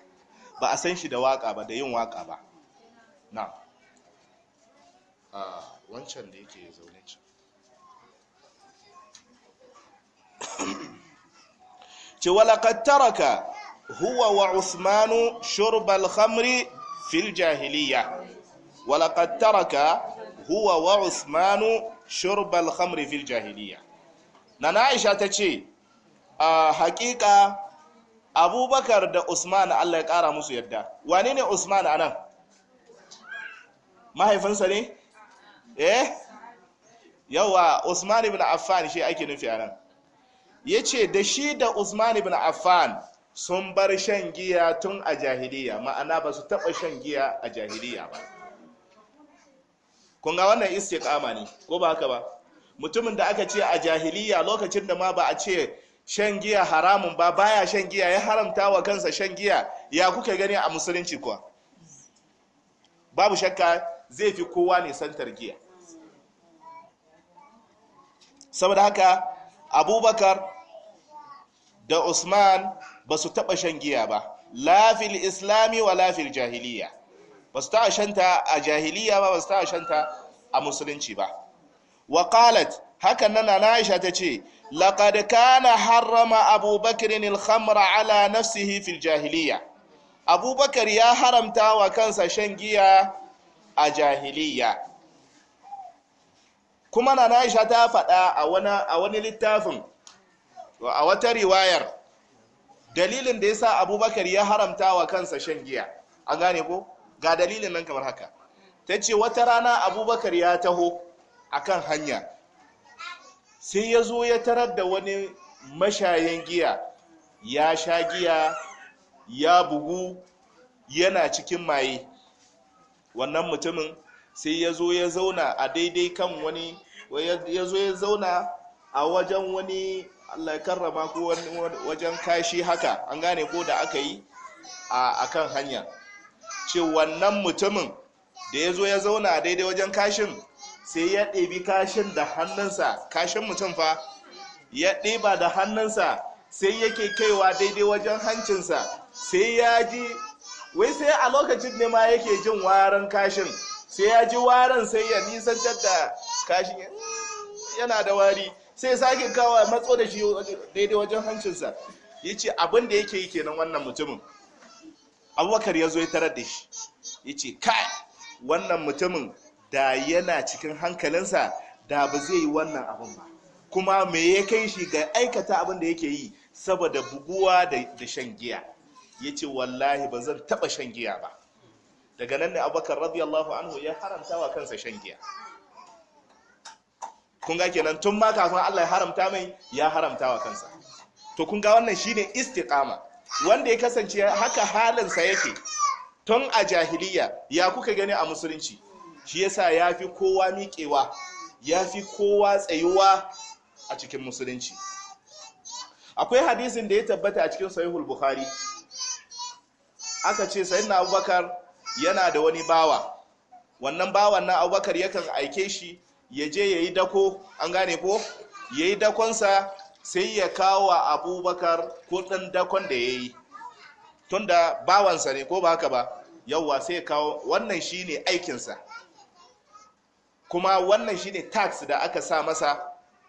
ba a san shi da waka ba da yin waka ba na wancan da yake zaune ci چې ولقد ترك هو وعثمان شرب الخمر في الجاهليه ولقد ترك هو وعثمان شرب الخمر في الجاهليه نانا عائشه تچي آه، حقيقه ابو بكر ده عثمان الله يقرا مسو يدا واني ني عثمان انا ما هي فنسا ني ايه يوا عثمان بن عفان شي اكي نفي انا ya ce da shi da usman ibn affan sun bar shan giya tun a jahiliya ma'ana ba su taɓa shan giya a jahiliya ba kun ga wannan istiqama ne ko ba haka ba mutumin da aka ce a jahiliya lokacin da ma ba a ce shan giya haramun ba baya shan giya ya haramta wa kansa shan giya ya kuka gani a musulunci kuwa babu shakka zai fi kowa ne santar giya saboda haka abubakar da Usman ba su taɓa shan giya ba lafil islami wa lafil jahiliya ba su taɓa shanta a jahiliya ba ba su taɓa shanta a musulunci ba wa qalat hakan na Aisha ta ce laqad kana harrama Abubakar al ala nafsihi fil jahiliya Abubakar ya haramta wa kansa shan giya a jahiliya kuma na Aisha ta faɗa a wani littafin a wata riwayar dalilin da yasa abubakar ya haramta wa kansa shan giya a gane ko ga dalilin nan kamar haka ta ce wata rana abubakar ya taho akan hanya sai ya zo ya tarar da wani mashayin giya ya sha giya ya bugu yana cikin maye wannan mutumin sai ya zo ya zauna a daidai kan wani ya zo ya zauna a wajen wani Allah ya karrama ku wajen kashi haka an gane ko da aka yi a kan hanya ce wannan mutumin da ya zo ya zauna daidai wajen kashin sai ya ɗebi kashin da hannunsa kashin mutum fa ya ɗeba da hannunsa sai yake kaiwa daidai wajen hancinsa sai ya ji wai sai a lokacin ne ma yake jin warin kashin sai ya ji warin sai ya nisantar da kashin yana da wari sai ya sake kawo matso da shi daidai wajen hancinsa ya ce abin da yake yi kenan wannan mutumin abubakar ya zo ya tarar da shi ya ce kai wannan mutumin da yana cikin hankalinsa da ba zai yi wannan abin ba kuma me ya kai shi ga aikata abinda yake yi saboda buguwa da shan giya ya ce wallahi ba zan taba shan giya ba daga nan ne abubakar radiyallahu anhu ya haramta wa kansa shan giya kun ga kenan tun ma kafin Allah ya haramta mai ya haramta wa kansa to kun ga wannan shine istiqama wanda ya kasance haka sa yake tun a jahiliya ya kuka gani a musulunci shi yasa ya fi kowa miƙewa ya fi kowa tsayuwa a cikin musulunci akwai hadisin da ya tabbata a cikin sahihul bukhari aka ce sayyidina abubakar yana da wani bawa wannan bawan na abubakar yakan aike shi ya je ya yi dako an gane ko ya yi dakonsa sai ya kawo abubakar kudin dakon da ya yi Tun da bawansa ne ko ba haka ba yauwa sai ya kawo wannan shi ne aikinsa kuma wannan shi ne tax da aka sa masa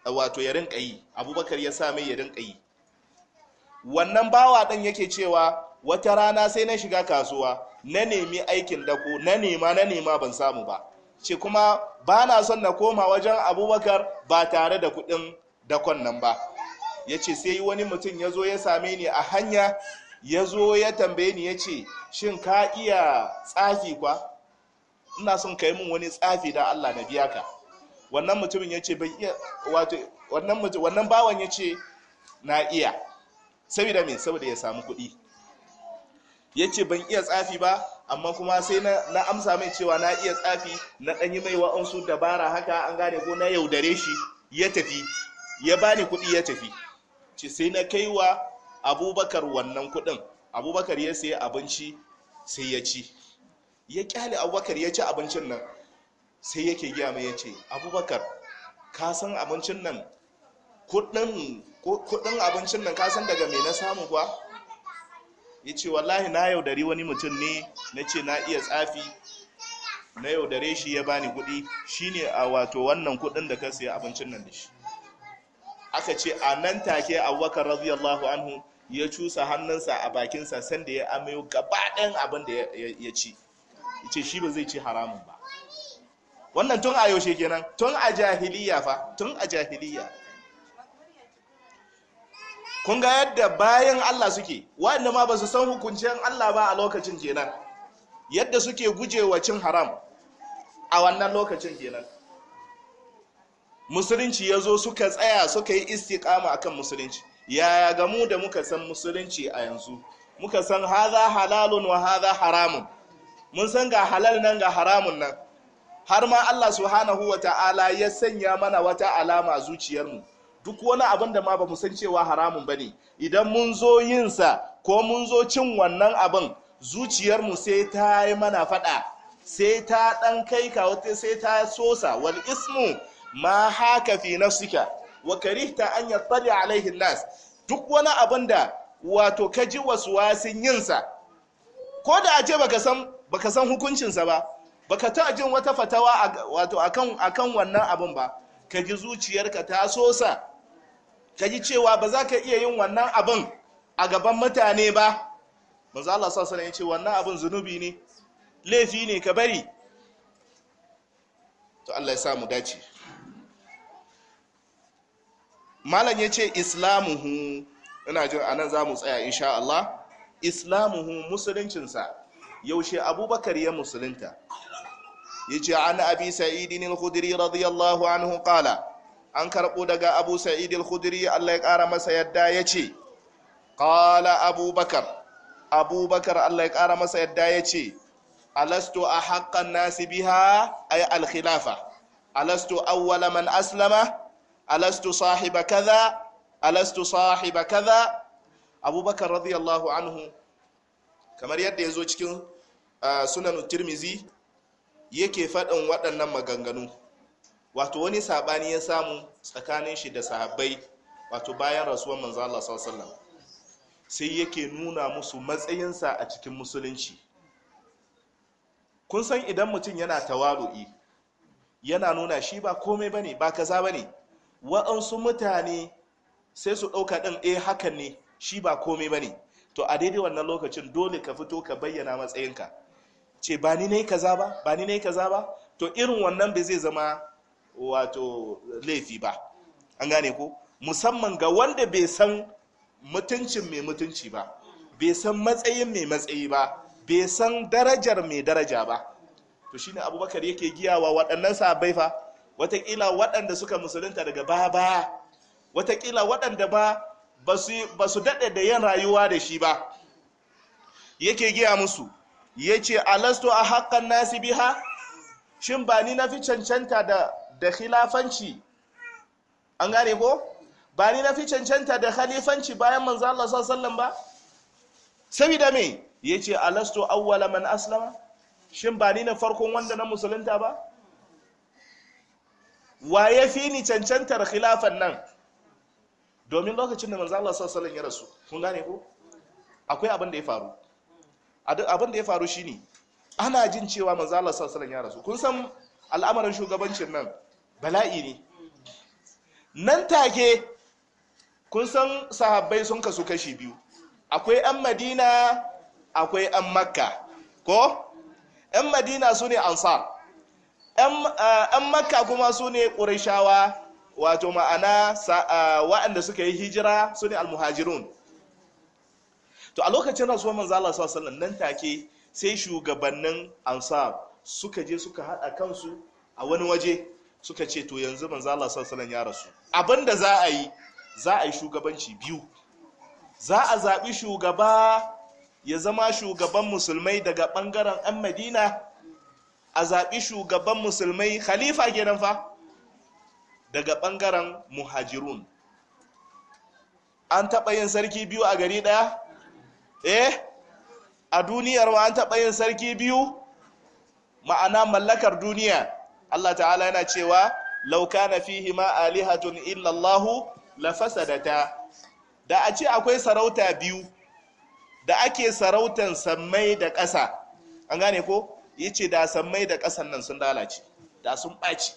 wato ya rinka yi abubakar ya sa ya rinka yi wannan bawa ɗin yake cewa wata rana sai na shiga kasuwa na nemi aikin dako na nema na nema ban samu ba ce kuma ba na son na koma wajen abubakar ba tare da kudin dakon nan ba ya ce sai wani mutum ya zo ya same ni a hanya ya zo ya tambaye ni ya ce shin ka iya tsafi kwa ina son ka yi min wani tsafi da allah na biya ka wannan mutumin ya ce ban iya wato wannan bawan ya ce na iya saboda me saboda ya samu kuɗi ya ce ban iya tsafi ba amma kuma sai na amsa mai cewa na iya tsafi na ɗanyi mai wa'ansu dabara haka an gane ko na yaudare shi ya tafi ya bani kuɗi ya tafi ce sai na kai wa abubakar wannan kuɗin abubakar ya sayi abinci sai ya ci ya ƙyale abubakar ya ci abincin nan sai yake giya mai ya ce abubakar ka san abincin nan kuɗin abincin nan ka san daga me na samu kuwa ya ce wallahi na yaudari wani mutum ne na ce na iya tsafi na yaudare shi ya bani kuɗi shine a wato wannan kuɗin da ka siya abincin nan da shi aka ce a nan take abubakar radiyallahu anhu ya cusa hannunsa a bakinsa sanda ya amayo gaba ɗayan abin da ya ci ya ce shi ba zai ci haramun ba wannan tun a yaushe kenan tun a jahiliya fa tun a jahiliya kun ga yadda bayan Allah suke waɗanda ma ba su san hukuncin Allah ba a lokacin kenan yadda suke gujewa cin haram a wannan lokacin kenan musulunci ya zo suka tsaya suka yi istiƙama akan musulunci yaya gamu da muka san musulunci a yanzu muka san haza halalun wa haza haramun mun san ga halal nan ga haramun nan har ma Allah subhanahu wa ta'ala ya sanya mana wata alama zuciyarmu duk wani abin da ma ba mu san cewa haramun ba ne idan mun zo yinsa ko mun zo cin wannan abin zuciyarmu sai ta yi mana faɗa sai ta ɗan kai ka sai ta sosa wal ismu ma haka fi nafsika wa karihta an yattali alaihi nas duk wani abin da wato ka ji wasin yinsa ko da a ce baka san baka san hukuncinsa ba baka ta jin wata fatawa wato akan akan wannan abin ba ka ji zuciyarka ta sosa ka ji cewa ba za ka iya yin wannan abin a gaban mutane ba manzo Allah sallallahu alaihi ya ce wannan abin zunubi ne laifi ne ka bari to Allah ya sa mu dace malam ya ce islamuhu ina jin anan za mu tsaya insha Allah islamuhu musuluncinsa yaushe abubakar ya musulunta ya ce an abi sa'idin al-khudri radiyallahu anhu kala. an karɓo daga abu sa'id al-khudri Allah ya ƙara masa yadda yace? ce qala abubakar abubakar Allah ya ƙara masa yadda yace? alastu a haƙƙan nasi biha ay al-khilafa alastu awwala man aslama alastu sahiba kaza alastu sahiba kaza abubakar radiyallahu anhu kamar yadda ya zo cikin ah, sunan tirmizi yake faɗin waɗannan maganganu wato wani sabani ya samu tsakanin shi da sahabbai wato bayan rasuwan manzo Allah sallallahu alaihi wasallam sai yake nuna musu matsayinsa a cikin musulunci kun san idan mutum yana tawalu'i yana nuna shi ba komai bane ba kaza bane wa'ansu mutane sai su ɗauka ɗin eh hakan ne shi ba komai bane to a daidai wannan lokacin dole ka fito ka bayyana matsayinka ce ba ni ne kaza ba ba ni ne kaza ba to irin wannan bai zai zama wato laifi ba an gane ko musamman ga wanda bai san mutuncin mai mutunci ba bai san matsayin mai matsayi ba bai san darajar mai daraja ba to shine abubakar yake giyawa waɗannan sabai fa watakila waɗanda suka musulunta daga baya baya watakila waɗanda ba ba su daɗe da yin rayuwa da shi ba yake giya musu ya ce alasto a haƙƙan nasi biha shin ba ni na fi cancanta da da khilafanci an gane ko ba ni na fi cancanta da khalifanci bayan manzo Allah sallallahu ba saboda me yace alastu awwala man aslama shin ba ni na farkon wanda na musulunta ba wa ya fi ni cancantar khilafan nan domin lokacin da manzo Allah sallallahu ya rasu kun gane ko akwai abin da ya faru abin da ya faru shine ana jin cewa manzo Allah sallallahu ya rasu kun san al'amarin shugabancin nan bala'i ne nan take kun san sahabbai sun kasu kashi biyu akwai 'yan madina akwai 'yan makka ko 'yan madina su ne ansar 'yan eh, makka kuma su ne ƙurishawa wato ma'ana eh, waɗanda suka yi hijira su ne almuhajirun to a lokacin rasuwar manzala su sallallahu nan take sai shugabannin ansar suka je suka haɗa kansu a wani waje suka ce to yanzu manzo Allah sallallahu ya rasu abinda za a yi za a yi shugabanci biyu za a zaɓi shugaba ya zama shugaban musulmai daga ɓangaren 'yan madina a zaɓi shugaban musulmai khalifa kenan fa daga ɓangaren muhajirun an taɓa yin sarki biyu a gari ɗaya eh a duniyar wa an taɓa yin sarki biyu ma'ana mallakar duniya Allah ta'ala yana cewa lauka kana fihi ma alihatun illallahu la fasadata da a ce akwai sarauta biyu da ake sarautan sammai da ƙasa an gane ko yace da sammai da ƙasan nan sun lalace da sun ɓaci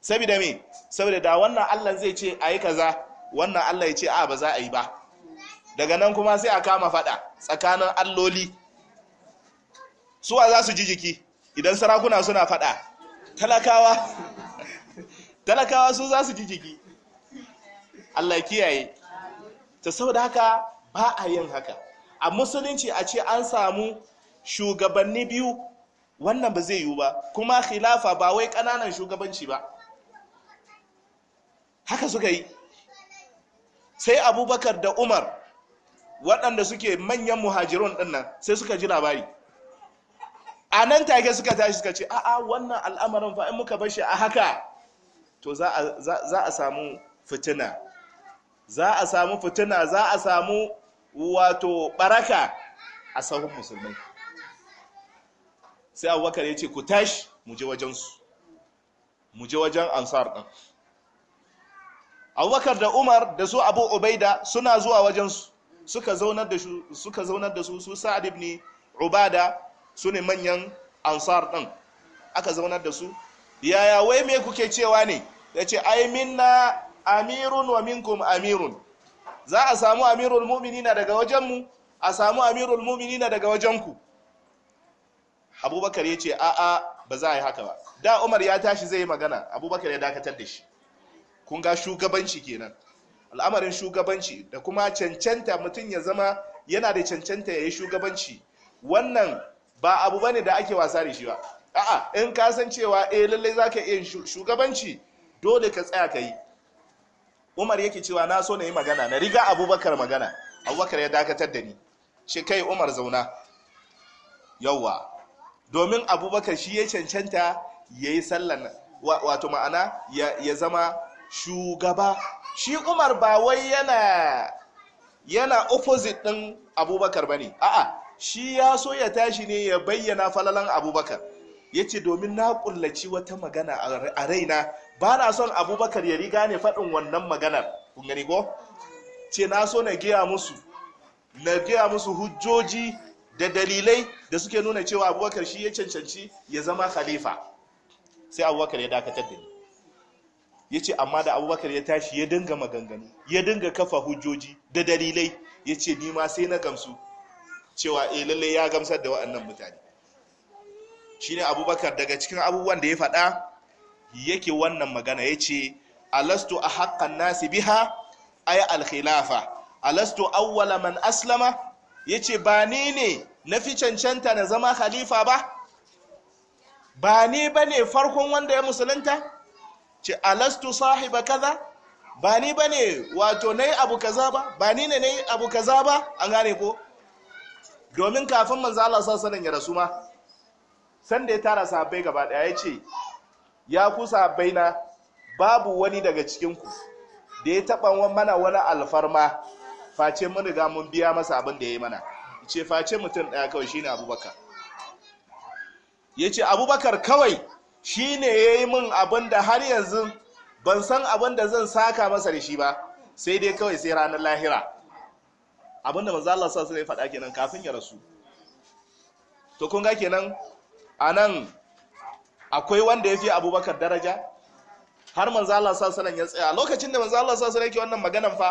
saboda me saboda da wannan Allah zai ce a ayi kaza wannan Allah ya ce a ba za a yi ba daga nan kuma sai a kama fada tsakanin alloli suwa za su ji jiki idan sarakuna suna fada talakawa talakawa su za su ji jiki Allah kiyaye ta saboda haka ba a yin haka a musulunci a ce an samu shugabanni biyu wannan ba zai yiwu ba kuma khilafa ba wai ƙananan shugabanci ba haka suka yi sai abubakar da umar waɗanda suke manyan muhajirun ɗinnan sai suka ji labari a nan take suka tashi suka ce a'a wannan al'amarin fa in muka bar shi a haka to za a samu fitina za a samu fitina za a samu wato baraka a sahun musulmai sai abubakar ya ce ku tashi mu je wajensu mu je wajen ansar ɗin abubakar da umar da su abu ubaida suna zuwa wajensu suka zaunar da su su sa'ad ibn ubada su ne manyan ansar ɗin aka zaunar da su yaya wai me kuke cewa ne ya ce ai minna amirun wa minkum amirun za a samu amirul mu'minina daga wajenmu a samu amirul mu'minina daga wajenku abubakar ya ce a'a ba za a yi haka ba da umar ya tashi zai yi magana abubakar ya dakatar da shi kun ga shugabanci kenan al'amarin shugabanci da kuma cancanta mutum ya zama yana da cancanta ya yi shugabanci wannan ba abu bane da ake wasa da shi ba a'a in ka san cewa eh lalle zaka iya shugabanci dole ka tsaya ka umar yake cewa na so na yi magana na riga abubakar magana abubakar ya dakatar da ni shi kai umar zauna yawa domin abubakar shi ya cancanta yayi yi sallan wato ma'ana ya zama shugaba shi umar ba wai yana yana opposite din abubakar bane a'a shi ya so ya tashi ne ya bayyana falalan abubakar ya ce domin na kullaci wata magana a raina ba na son abubakar ya riga ne faɗin wannan maganar kun gani ko ce na so na giya musu na giya musu hujjoji da dalilai da suke nuna cewa abubakar shi ya cancanci ya zama khalifa sai abubakar ya dakatar da ni ya ce amma da abubakar ya tashi ya dinga maganganu ya dinga kafa hujjoji da dalilai ya ce ni ma sai na gamsu cewa eh lalle ya gamsar da waɗannan mutane shine abubakar daga cikin abubuwan da ya faɗa yake wannan magana ya ce alastu a haƙƙan nasi biha ay alkhilafa alastu awwala man aslama ya ce ba ni ne na fi cancanta na zama khalifa ba ba ni ba ne farkon wanda ya musulunta ce alastu sahiba kaza ba ni ba ne wato na yi abu kaza ba ba ni ne na yi abu kaza ba an gane ko domin kafin manzo Allah sallallahu alaihi ya rasu ma san da ya tara sahabbai gaba daya yace ya ku sahabbai na babu wani daga cikin ku da ya taba mana wani alfarma face mun riga mun biya masa abin da ya yi mana ce face mutum daya kawai shine abubakar ya ce abubakar kawai shine yayi mun min abin da har yanzu ban san abin da zan saka masa da shi ba sai dai kawai sai ranar lahira abinda manzo Allah sallallahu alaihi wasallam ya faɗa kenan kafin ya rasu to kun ga kenan anan akwai wanda ya fi abubakar daraja har manzo Allah sallallahu alaihi wasallam ya tsaya lokacin da manzo Allah sallallahu alaihi wasallam yake wannan maganan fa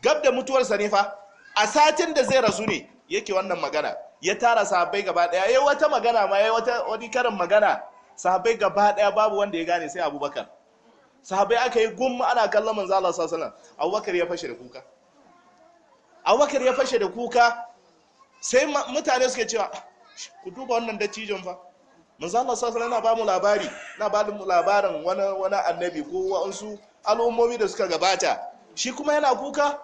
gab da mutuwarsa ne fa a satin da zai rasu ne yake wannan magana ya tara sahabbai gaba daya yayi wata magana ma yayi wata wani karin magana sahabbai gaba daya babu wanda ya gane sai Abubakar sahabbai aka yi gum ana kallon manzo Allah sallallahu alaihi wasallam Abubakar ya fashe da kuka abubakar ya fashe da kuka sai mutane suke cewa ku duba wannan dattijon fa manzo Allah sallallahu alaihi ba mu labari na ba mu labarin wani annabi ko wasu al'ummomi da suka gabata shi kuma yana kuka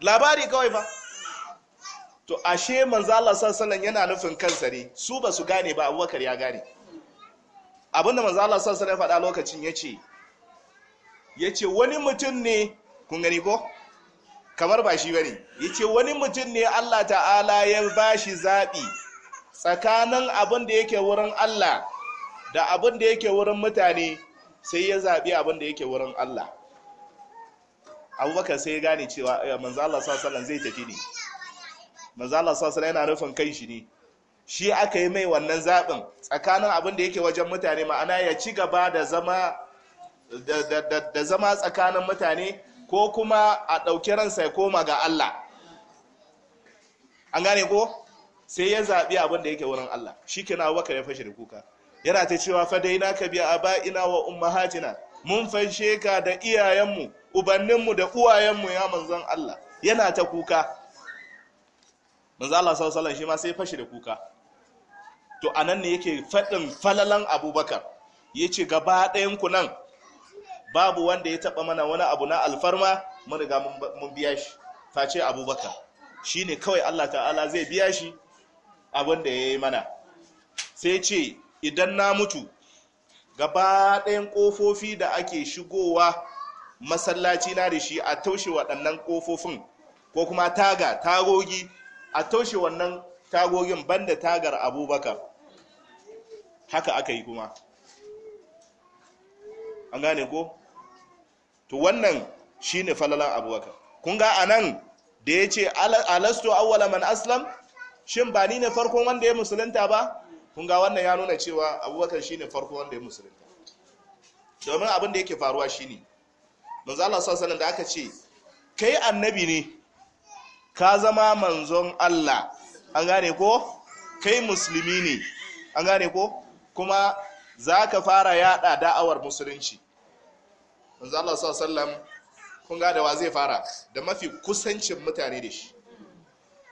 labari kawai fa to ashe manzo Allah yana nufin kansa ne su ba su gane ba Abubakar ya gane abinda manzo Allah sallallahu alaihi faɗa lokacin yace yace wani mutum ne kun gani ko kamar ba shi bane yace wani mutum ne Allah ta'ala ya bashi zaɓi tsakanin abin da yake wurin Allah da abin da yake wurin mutane sai ya zaɓi abin da yake wurin Allah abubakar sai ya gane cewa eh, manzo Allah sallallahu zai tafi ne manzo Allah sallallahu yana nufin kai shi ne shi aka yi mai wannan zaɓin tsakanin abin da yake wajen mutane ma'ana ya ci gaba da zama da zama tsakanin mutane ko kuma a ɗauki ransa ya koma ga Allah an gane ko sai ya zaɓi abin da yake wurin Allah shi kina waka ya fashe da kuka yana ta cewa na ka biya ba ina wa ummahatina mun fashe ka da iyayenmu ubanninmu da uwayenmu ya manzan Allah yana ta kuka manzan Allah sau salon shi ma sai fashe da kuka to anan ne yake faɗin falalan Abubakar Ya ce gaba ɗayan ku nan babu wanda ya taba mana wani abu na alfarma mun riga mun biya shi face abubakar shine kawai Allah ta'ala zai biya shi abin da ya mana sai ce idan na mutu gaba ɗayan ƙofofi da ake shigowa masallaci na da shi a taushe waɗannan kofofin ko kuma taga tagogi a taushe wannan tagogin banda tagar abubakar haka aka yi kuma an gane ko to wannan shine falalan abubakar kun ga anan da ya ce alasto awwala man aslam shin ba ni ne farkon wanda ya musulunta ba kun ga wannan ya nuna cewa abubakar shine farkon wanda ya musulunta domin abin da yake faruwa shine manzo Allah sallallahu da aka ce kai annabi ne ka zama manzon Allah an gane ko kai musulmi ne an gane ko kuma za ka fara yada da'awar musulunci manzo Allah sallallahu alaihi wasallam kun ga da wa zai fara da mafi kusancin mutane da shi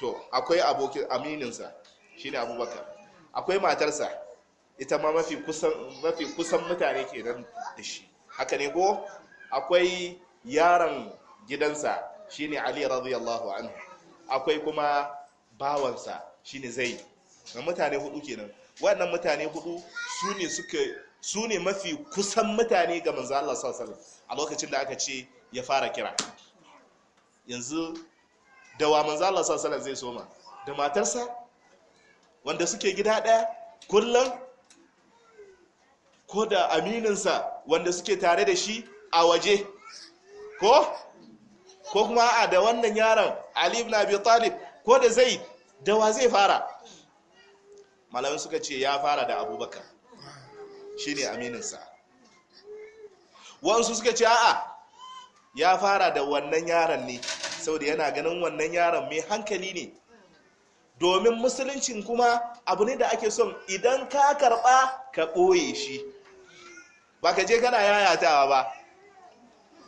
to akwai abokin amininsa shine abubakar akwai matarsa ita ma mafi kusan mafi kusan mutane kenan da shi haka ne ko akwai yaron gidansa shine ali radiyallahu anhu akwai kuma bawansa shine zaid na mutane hudu kenan waɗannan mutane hudu su ne suka su ne mafi kusan mutane ga manzo Allah sallallahu a lokacin da aka ce ya fara kira yanzu da wa manzo Allah sallallahu zai soma da matarsa wanda suke gida ɗaya kullum ko da amininsa wanda suke tare da shi a waje ko ko kuma a da wannan yaron Ali ibn Abi Talib ko da Zaid da zai fara malamai suka ce ya fara da Abubakar Shi ne amininsa wasu suka ce a'a ya fara da wannan yaron ne da yana ganin wannan yaron mai hankali ne domin musuluncin kuma abu ne da ake son idan ka karba ka ɓoye shi ba ka je kana yayatawa ba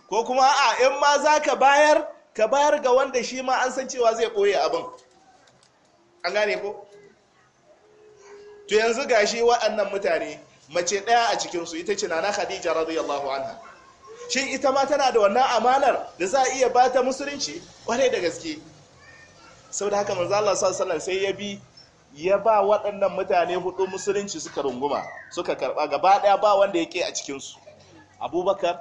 ko kuma a in ma za ka bayar ka bayar ga wanda shi ma an san cewa zai ɓoye abin an gane ko to yanzu gashi waɗannan mutane mace ɗaya a cikinsu ita ce nana khadija radiyallahu anha shin ita ma tana da wannan amanar da za a iya ba ta musulunci kwarai da gaske sau da haka manzo Allah sallallahu sai ya bi ya ba waɗannan mutane hudu musulunci suka runguma suka karɓa, gaba ɗaya ba wanda yake a cikinsu abubakar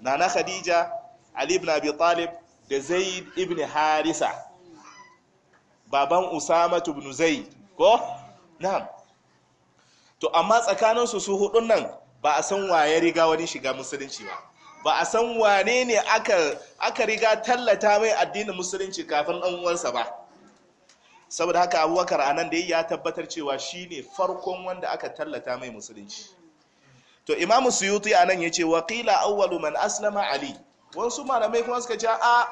nana khadija ali ibn abi talib da zaid ibn harisa baban usama ibn zaid ko na'am to amma tsakanin su su hudun nan ba a san waye riga wani shiga musulunci ba ba a san wane ne aka riga tallata mai addinin musulunci kafin ɗan uwansa ba saboda haka abubakar a nan da ya tabbatar cewa shi ne farkon wanda aka tallata mai musulunci to imamu suyuti a nan ya ce Wakila Auwalu man aslama ali wasu malamai kuma suka ce a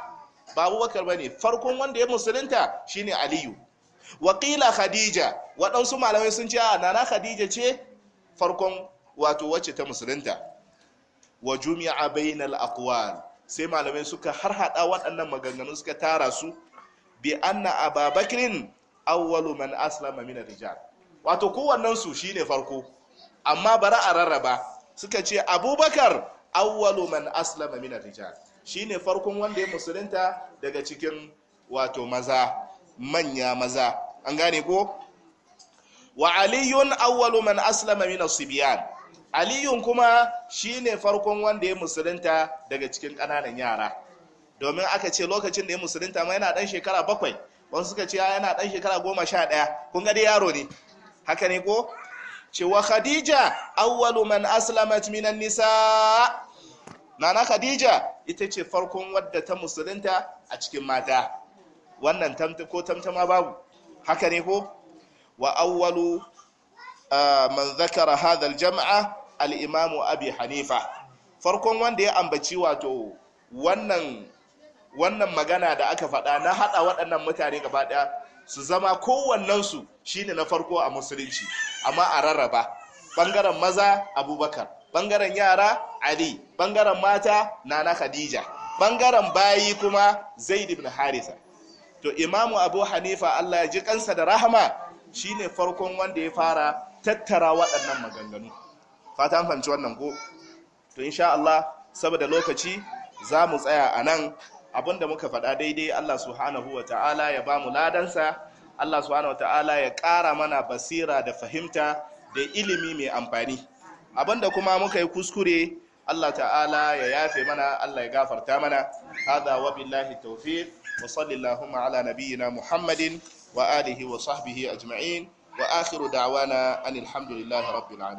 ba abubakar ba ne farkon wanda ya musulunta shine aliyu wakila khadija waɗansu malamai sun ce nana khadija ce farkon wato wacce ta musulunta wa jumi'a bainal aqwal sai malamai suka har harhaɗa waɗannan maganganu suka tara su bi anna ababakrin awwalu man aslama min rijal wato kowannensu su shine farko amma bara a rarraba suka ce abubakar awwalu man aslama min rijal shine farkon wanda ya musulunta daga cikin wato maza manya maza an gane ko wa aliyun awwalu man aslama min asbiyan aliyun kuma shine farkon wanda ya musulunta daga cikin kananan yara domin aka ce lokacin da ya musulunta ma yana dan shekara bakwai wasu suka ce yana dan shekara goma sha ɗaya kun ga dai yaro ne haka ne ko ce wa khadija awwalu man aslamat minan nisa nana khadija ita ce farkon wadda ta musulunta a cikin mata wannan ko tamtama babu haka ne ko wa awwalu man zakara hadha al al-imam abi hanifa farkon wanda ya ambaci wato wannan wannan magana da aka faɗa na haɗa waɗannan mutane gaba ɗaya su zama kowannensu shine na farko a musulunci amma a rarraba ɓangaren maza abubakar ɓangaren yara ali ɓangaren mata nana khadija ɓangaren bayi kuma zaid ibn harisa to imamu abu hanifa allah ya ji kansa da rahama shine farkon wanda ya fara tattara waɗannan maganganu fata an wannan ko to insha allah saboda lokaci za mu tsaya a nan abinda muka faɗa daidai allah subhanahu wa ta'ala ya ba mu ladansa allah subhanahu wa ta'ala ya ƙara mana basira da fahimta da ilimi mai amfani abinda kuma muka yi kuskure Allah ta'ala ya yafe mana Allah ya gafarta mana hada wa billahi tawfiq وصل اللهم على نبينا محمد وآله وصحبه أجمعين وآخر دعوانا أن الحمد لله رب العالمين